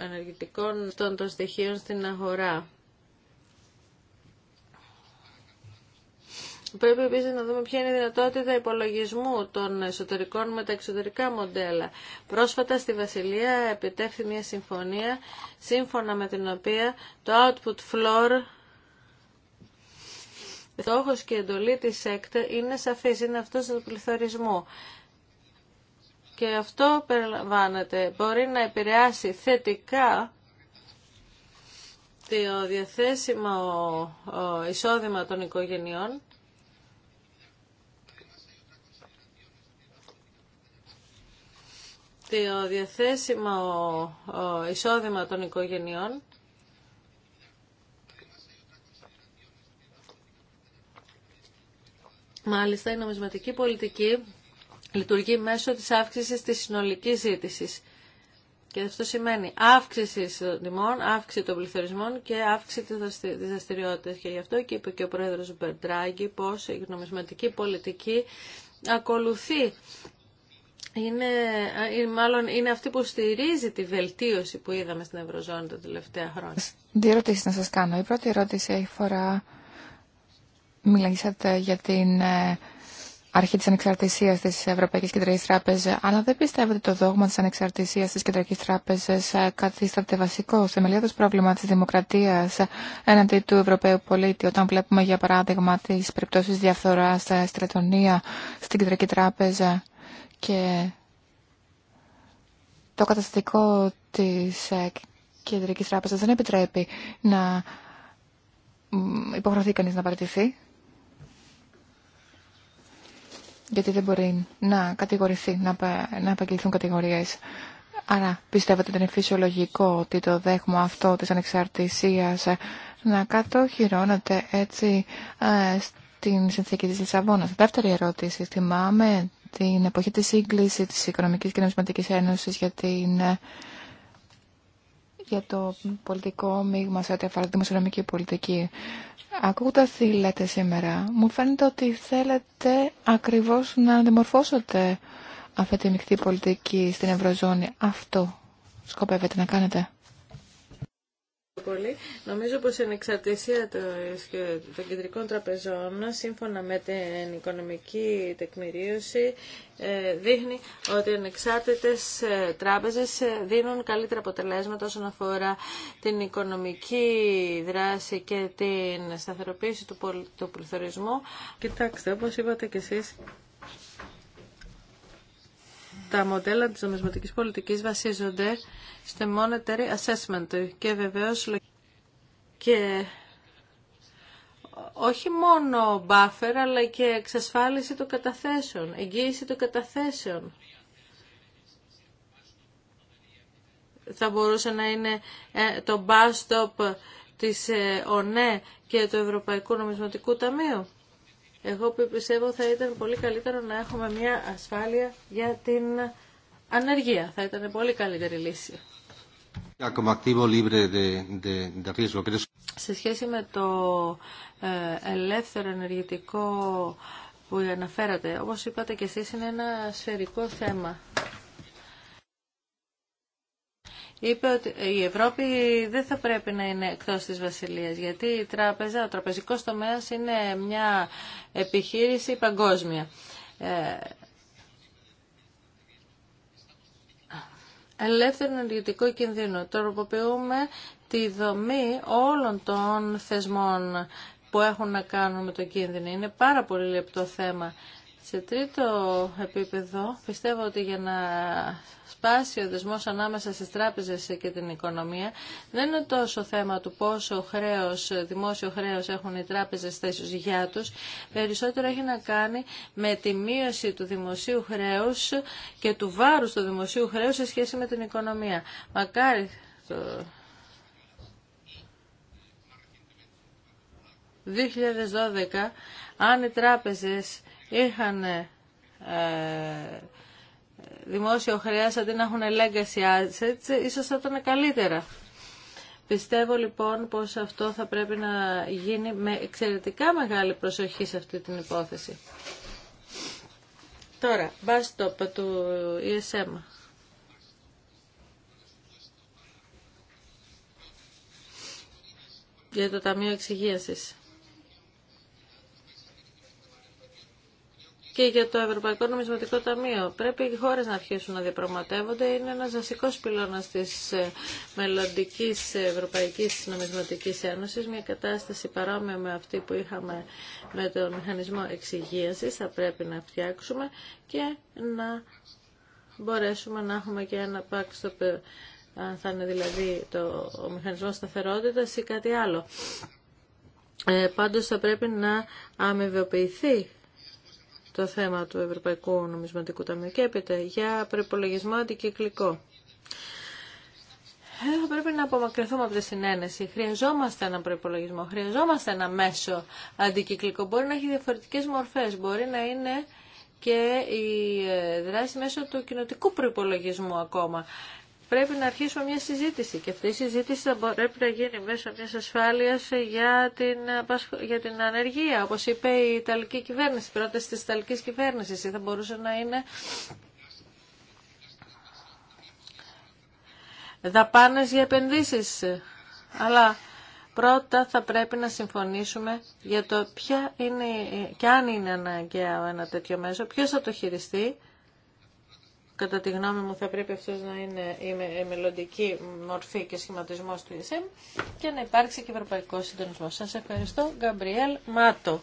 ενεργητικών των, των στοιχείων στην αγορά Πρέπει επίση να δούμε ποια είναι η δυνατότητα υπολογισμού των εσωτερικών με τα εξωτερικά μοντέλα. Πρόσφατα στη Βασιλεία επιτεύχθη μια συμφωνία σύμφωνα με την οποία το output floor στόχος και εντολή της ΕΚΤ είναι σαφής, είναι αυτός του πληθωρισμού. Και αυτό περιλαμβάνεται, μπορεί να επηρεάσει θετικά το διαθέσιμο εισόδημα των οικογενειών το διαθέσιμο εισόδημα των οικογενειών Μάλιστα, η νομισματική πολιτική λειτουργεί μέσω της αύξησης της συνολικής ζήτησης. Και αυτό σημαίνει αύξηση των τιμών, αύξηση των πληθωρισμών και αύξηση τη δραστηριότητα. Και γι' αυτό και είπε και ο πρόεδρο Μπερντράγκη πω η νομισματική πολιτική ακολουθεί είναι, ε, μάλλον είναι αυτή που στηρίζει τη βελτίωση που είδαμε στην Ευρωζώνη τα τελευταία χρόνια. Δύο ερωτήσει να σα κάνω. Η πρώτη ερώτηση έχει φορά... Μιλήσατε για την ε, αρχή της ανεξαρτησίας της Ευρωπαϊκής Κεντρικής Τράπεζας, αλλά δεν πιστεύετε ότι το δόγμα της ανεξαρτησίας της Κεντρικής Τράπεζας ε, καθίσταται βασικό μελιάδος πρόβλημα της δημοκρατίας έναντι του Ευρωπαίου πολίτη. Όταν βλέπουμε, για παράδειγμα, τις περιπτώσεις διαφθοράς στα Λετωνία, στην Κεντρική Τράπεζα και το καταστατικό της ε, Κεντρικής Τράπεζας δεν επιτρέπει να υποχρεωθεί κανείς να παραιτηθεί γιατί δεν μπορεί να κατηγορηθεί, να, να απαγγελθούν κατηγορίες. Άρα πιστεύετε ότι είναι φυσιολογικό ότι το δέχμα αυτό της ανεξαρτησίας ε, να κατοχυρώνεται έτσι ε, στην συνθήκη της Λισαβόνας. Δεύτερη ερώτηση, θυμάμαι την εποχή της σύγκλησης της Οικονομικής και Νομισματικής Ένωσης για την ε, για το πολιτικό μείγμα σε ό,τι αφορά τη δημοσιονομική πολιτική. Ακούγοντα τι λέτε σήμερα, μου φαίνεται ότι θέλετε ακριβώς να δημορφώσετε αυτή τη μεικτή πολιτική στην Ευρωζώνη. Αυτό σκοπεύετε να κάνετε πολύ. Νομίζω πως η ανεξαρτησία των κεντρικών τραπεζών σύμφωνα με την οικονομική τεκμηρίωση ε, δείχνει ότι οι ανεξάρτητες ε, τράπεζες ε, δίνουν καλύτερα αποτελέσματα όσον αφορά την οικονομική δράση και την σταθεροποίηση του πληθωρισμού. Κοιτάξτε, όπως είπατε κι εσείς, τα μοντέλα της νομισματικής πολιτικής βασίζονται στο monetary assessment και βεβαίως και όχι μόνο buffer αλλά και εξασφάλιση των καταθέσεων, εγγύηση των καταθέσεων. Θα μπορούσε να είναι ε, το bus stop της ε, ΟΝΕ και του Ευρωπαϊκού Νομισματικού Ταμείου. Εγώ που πιστεύω θα ήταν πολύ καλύτερο να έχουμε μια ασφάλεια για την ανεργία. Θα ήταν πολύ καλύτερη λύση. Σε σχέση με το ε, ελεύθερο ενεργητικό που αναφέρατε, όπως είπατε και εσείς, είναι ένα σφαιρικό θέμα είπε ότι η Ευρώπη δεν θα πρέπει να είναι εκτός της βασιλείας, γιατί η τράπεζα, ο τραπεζικός τομέας είναι μια επιχείρηση παγκόσμια. Ε, ελεύθερο ενεργητικό κινδύνο. Τροποποιούμε τη δομή όλων των θεσμών που έχουν να κάνουν με το κίνδυνο. Είναι πάρα πολύ λεπτό θέμα. Σε τρίτο επίπεδο, πιστεύω ότι για να σπάσει ο δεσμός ανάμεσα στις τράπεζες και την οικονομία δεν είναι τόσο θέμα του πόσο χρέος, δημόσιο χρέος έχουν οι τράπεζες στα για τους. Περισσότερο έχει να κάνει με τη μείωση του δημοσίου χρέους και του βάρους του δημοσίου χρέους σε σχέση με την οικονομία. Μακάρι το... 2012, αν οι τράπεζες είχαν ε, δημόσιο χρέας αντί να έχουν legacy assets, ίσως θα ήταν καλύτερα. Πιστεύω λοιπόν πως αυτό θα πρέπει να γίνει με εξαιρετικά μεγάλη προσοχή σε αυτή την υπόθεση. Τώρα, το του ESM. Για το Ταμείο Εξυγίασης. και για το Ευρωπαϊκό Νομισματικό Ταμείο. Πρέπει οι χώρες να αρχίσουν να διαπραγματεύονται. Είναι ένας βασικός πυλώνας της ε, μελλοντική Ευρωπαϊκής Νομισματικής Ένωσης. Μια κατάσταση παρόμοια με αυτή που είχαμε με τον μηχανισμό εξυγίασης θα πρέπει να φτιάξουμε και να μπορέσουμε να έχουμε και ένα backstop, ε, αν θα είναι δηλαδή το, ο μηχανισμός σταθερότητας ή κάτι άλλο. Ε, πάντως θα πρέπει να αμοιβοποιηθεί το θέμα του Ευρωπαϊκού Νομισματικού Ταμείου. Και έπειτα για προπολογισμό αντικυκλικό. Ε, θα πρέπει να απομακρυνθούμε από τη συνένεση. Χρειαζόμαστε ένα προπολογισμό, χρειαζόμαστε ένα μέσο αντικυκλικό. Μπορεί να έχει διαφορετικέ μορφέ, μπορεί να είναι και η ε, δράση μέσω του κοινοτικού προπολογισμού ακόμα πρέπει να αρχίσουμε μια συζήτηση και αυτή η συζήτηση θα πρέπει να γίνει μέσω μιας ασφάλειας για την, για την ανεργία. Όπως είπε η Ιταλική κυβέρνηση, η πρόταση της κυβέρνηση κυβέρνησης θα μπορούσε να είναι δαπάνες για επενδύσεις. Αλλά πρώτα θα πρέπει να συμφωνήσουμε για το ποια είναι και αν είναι αναγκαίο ένα τέτοιο μέσο, ποιος θα το χειριστεί κατά τη γνώμη μου θα πρέπει αυτός να είναι η μελλοντική μορφή και σχηματισμός του ΙΣΕΜ και να υπάρξει και ευρωπαϊκό συντονισμό. Σας ευχαριστώ. Γκαμπριέλ Μάτο.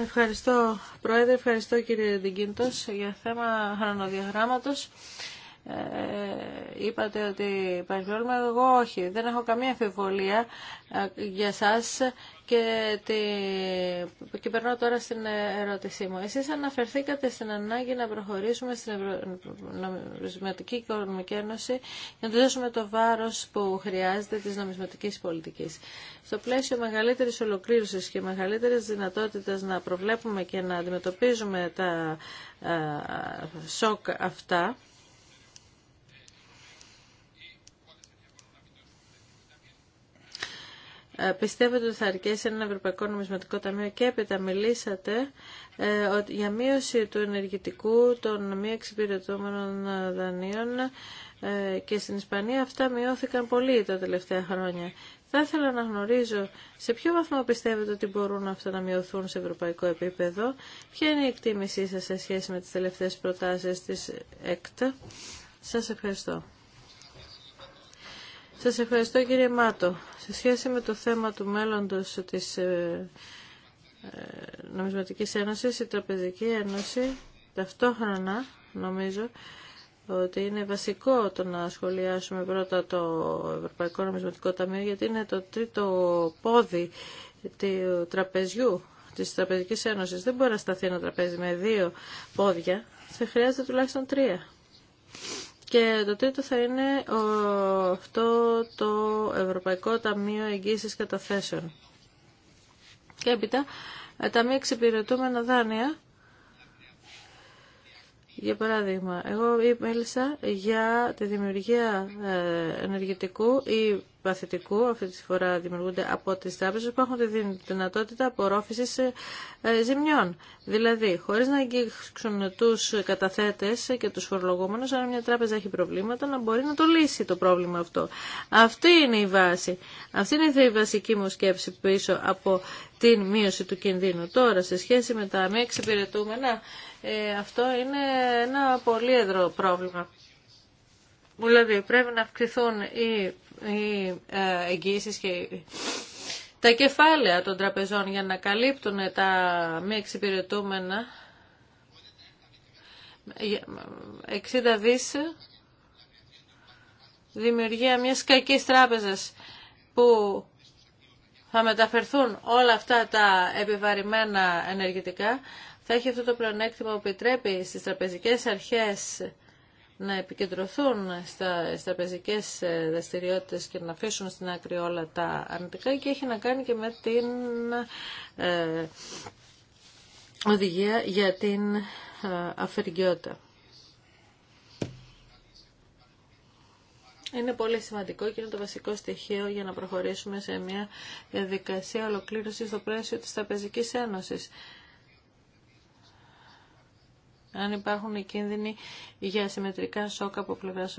Ευχαριστώ Πρόεδρε, ευχαριστώ κύριε Διγκίντος για θέμα χρονοδιαγράμματος. Ε, είπατε ότι υπάρχει εγώ όχι. Δεν έχω καμία αφιβολία ε, για σας και, τη... και περνώ τώρα στην ερώτησή μου. Εσείς αναφερθήκατε στην ανάγκη να προχωρήσουμε στην Νομισματική Οικονομική Ένωση για να του δώσουμε το βάρος που χρειάζεται της νομισματικής πολιτικής. Στο πλαίσιο μεγαλύτερης ολοκλήρωσης και μεγαλύτερης δυνατότητας να προβλέπουμε και να αντιμετωπίζουμε τα ε, σοκ αυτά, Ε, πιστεύετε ότι θα αρκέσει ένα Ευρωπαϊκό Νομισματικό Ταμείο και έπειτα μιλήσατε ε, ότι για μείωση του ενεργητικού των μη εξυπηρετούμενων ε, δανείων και στην Ισπανία αυτά μειώθηκαν πολύ τα τελευταία χρόνια. Θα ήθελα να γνωρίζω σε ποιο βαθμό πιστεύετε ότι μπορούν αυτά να μειωθούν σε ευρωπαϊκό επίπεδο, ποια είναι η εκτίμησή σας σε σχέση με τις τελευταίες προτάσεις της ΕΚΤ. Σας ευχαριστώ. Σας ευχαριστώ κύριε Μάτο. Σε σχέση με το θέμα του μέλλοντος της ε, ε, Νομισματικής Ένωσης, η Τραπεζική Ένωση ταυτόχρονα νομίζω ότι είναι βασικό το να σχολιάσουμε πρώτα το Ευρωπαϊκό Νομισματικό Ταμείο γιατί είναι το τρίτο πόδι του τραπεζιού της Τραπεζικής Ένωσης. Δεν μπορεί να σταθεί ένα τραπέζι με δύο πόδια, θα χρειάζεται τουλάχιστον τρία. Και το τρίτο θα είναι αυτό το Ευρωπαϊκό Ταμείο Εγγύησης Καταθέσεων. Και έπειτα, ε, ταμείο εξυπηρετούμενα δάνεια, για παράδειγμα, εγώ μίλησα για τη δημιουργία ε, ενεργητικού ή παθητικού, αυτή τη φορά δημιουργούνται από τις τράπεζες που έχουν τη δυνατότητα απορρόφησης ε, ε, ζημιών. Δηλαδή, χωρίς να αγγίξουν τους καταθέτες και τους φορολογούμενους, αν μια τράπεζα έχει προβλήματα, να μπορεί να το λύσει το πρόβλημα αυτό. Αυτή είναι η βάση. Αυτή είναι η βασική μου σκέψη πίσω από την μείωση του κινδύνου. Τώρα, σε σχέση με τα μη εξυπηρετούμενα, ε, αυτό είναι ένα πολύ έδρο πρόβλημα. Δηλαδή, πρέπει να αυξηθούν οι, οι ε, εγγύησεις και τα κεφάλαια των τραπεζών για να καλύπτουν τα μη εξυπηρετούμενα 60 δις δημιουργία μιας κακής τράπεζας που θα μεταφερθούν όλα αυτά τα επιβαρημένα ενεργητικά, θα έχει αυτό το πλεονέκτημα που επιτρέπει στις τραπεζικές αρχές να επικεντρωθούν στα, στα ε, δραστηριότητε και να αφήσουν στην άκρη όλα τα αρνητικά και έχει να κάνει και με την ε, οδηγία για την ε, Είναι πολύ σημαντικό και είναι το βασικό στοιχείο για να προχωρήσουμε σε μια διαδικασία ολοκλήρωση στο πλαίσιο της Ταπεζικής Ένωσης. Αν υπάρχουν κίνδυνοι για συμμετρικά σοκ από πλευρά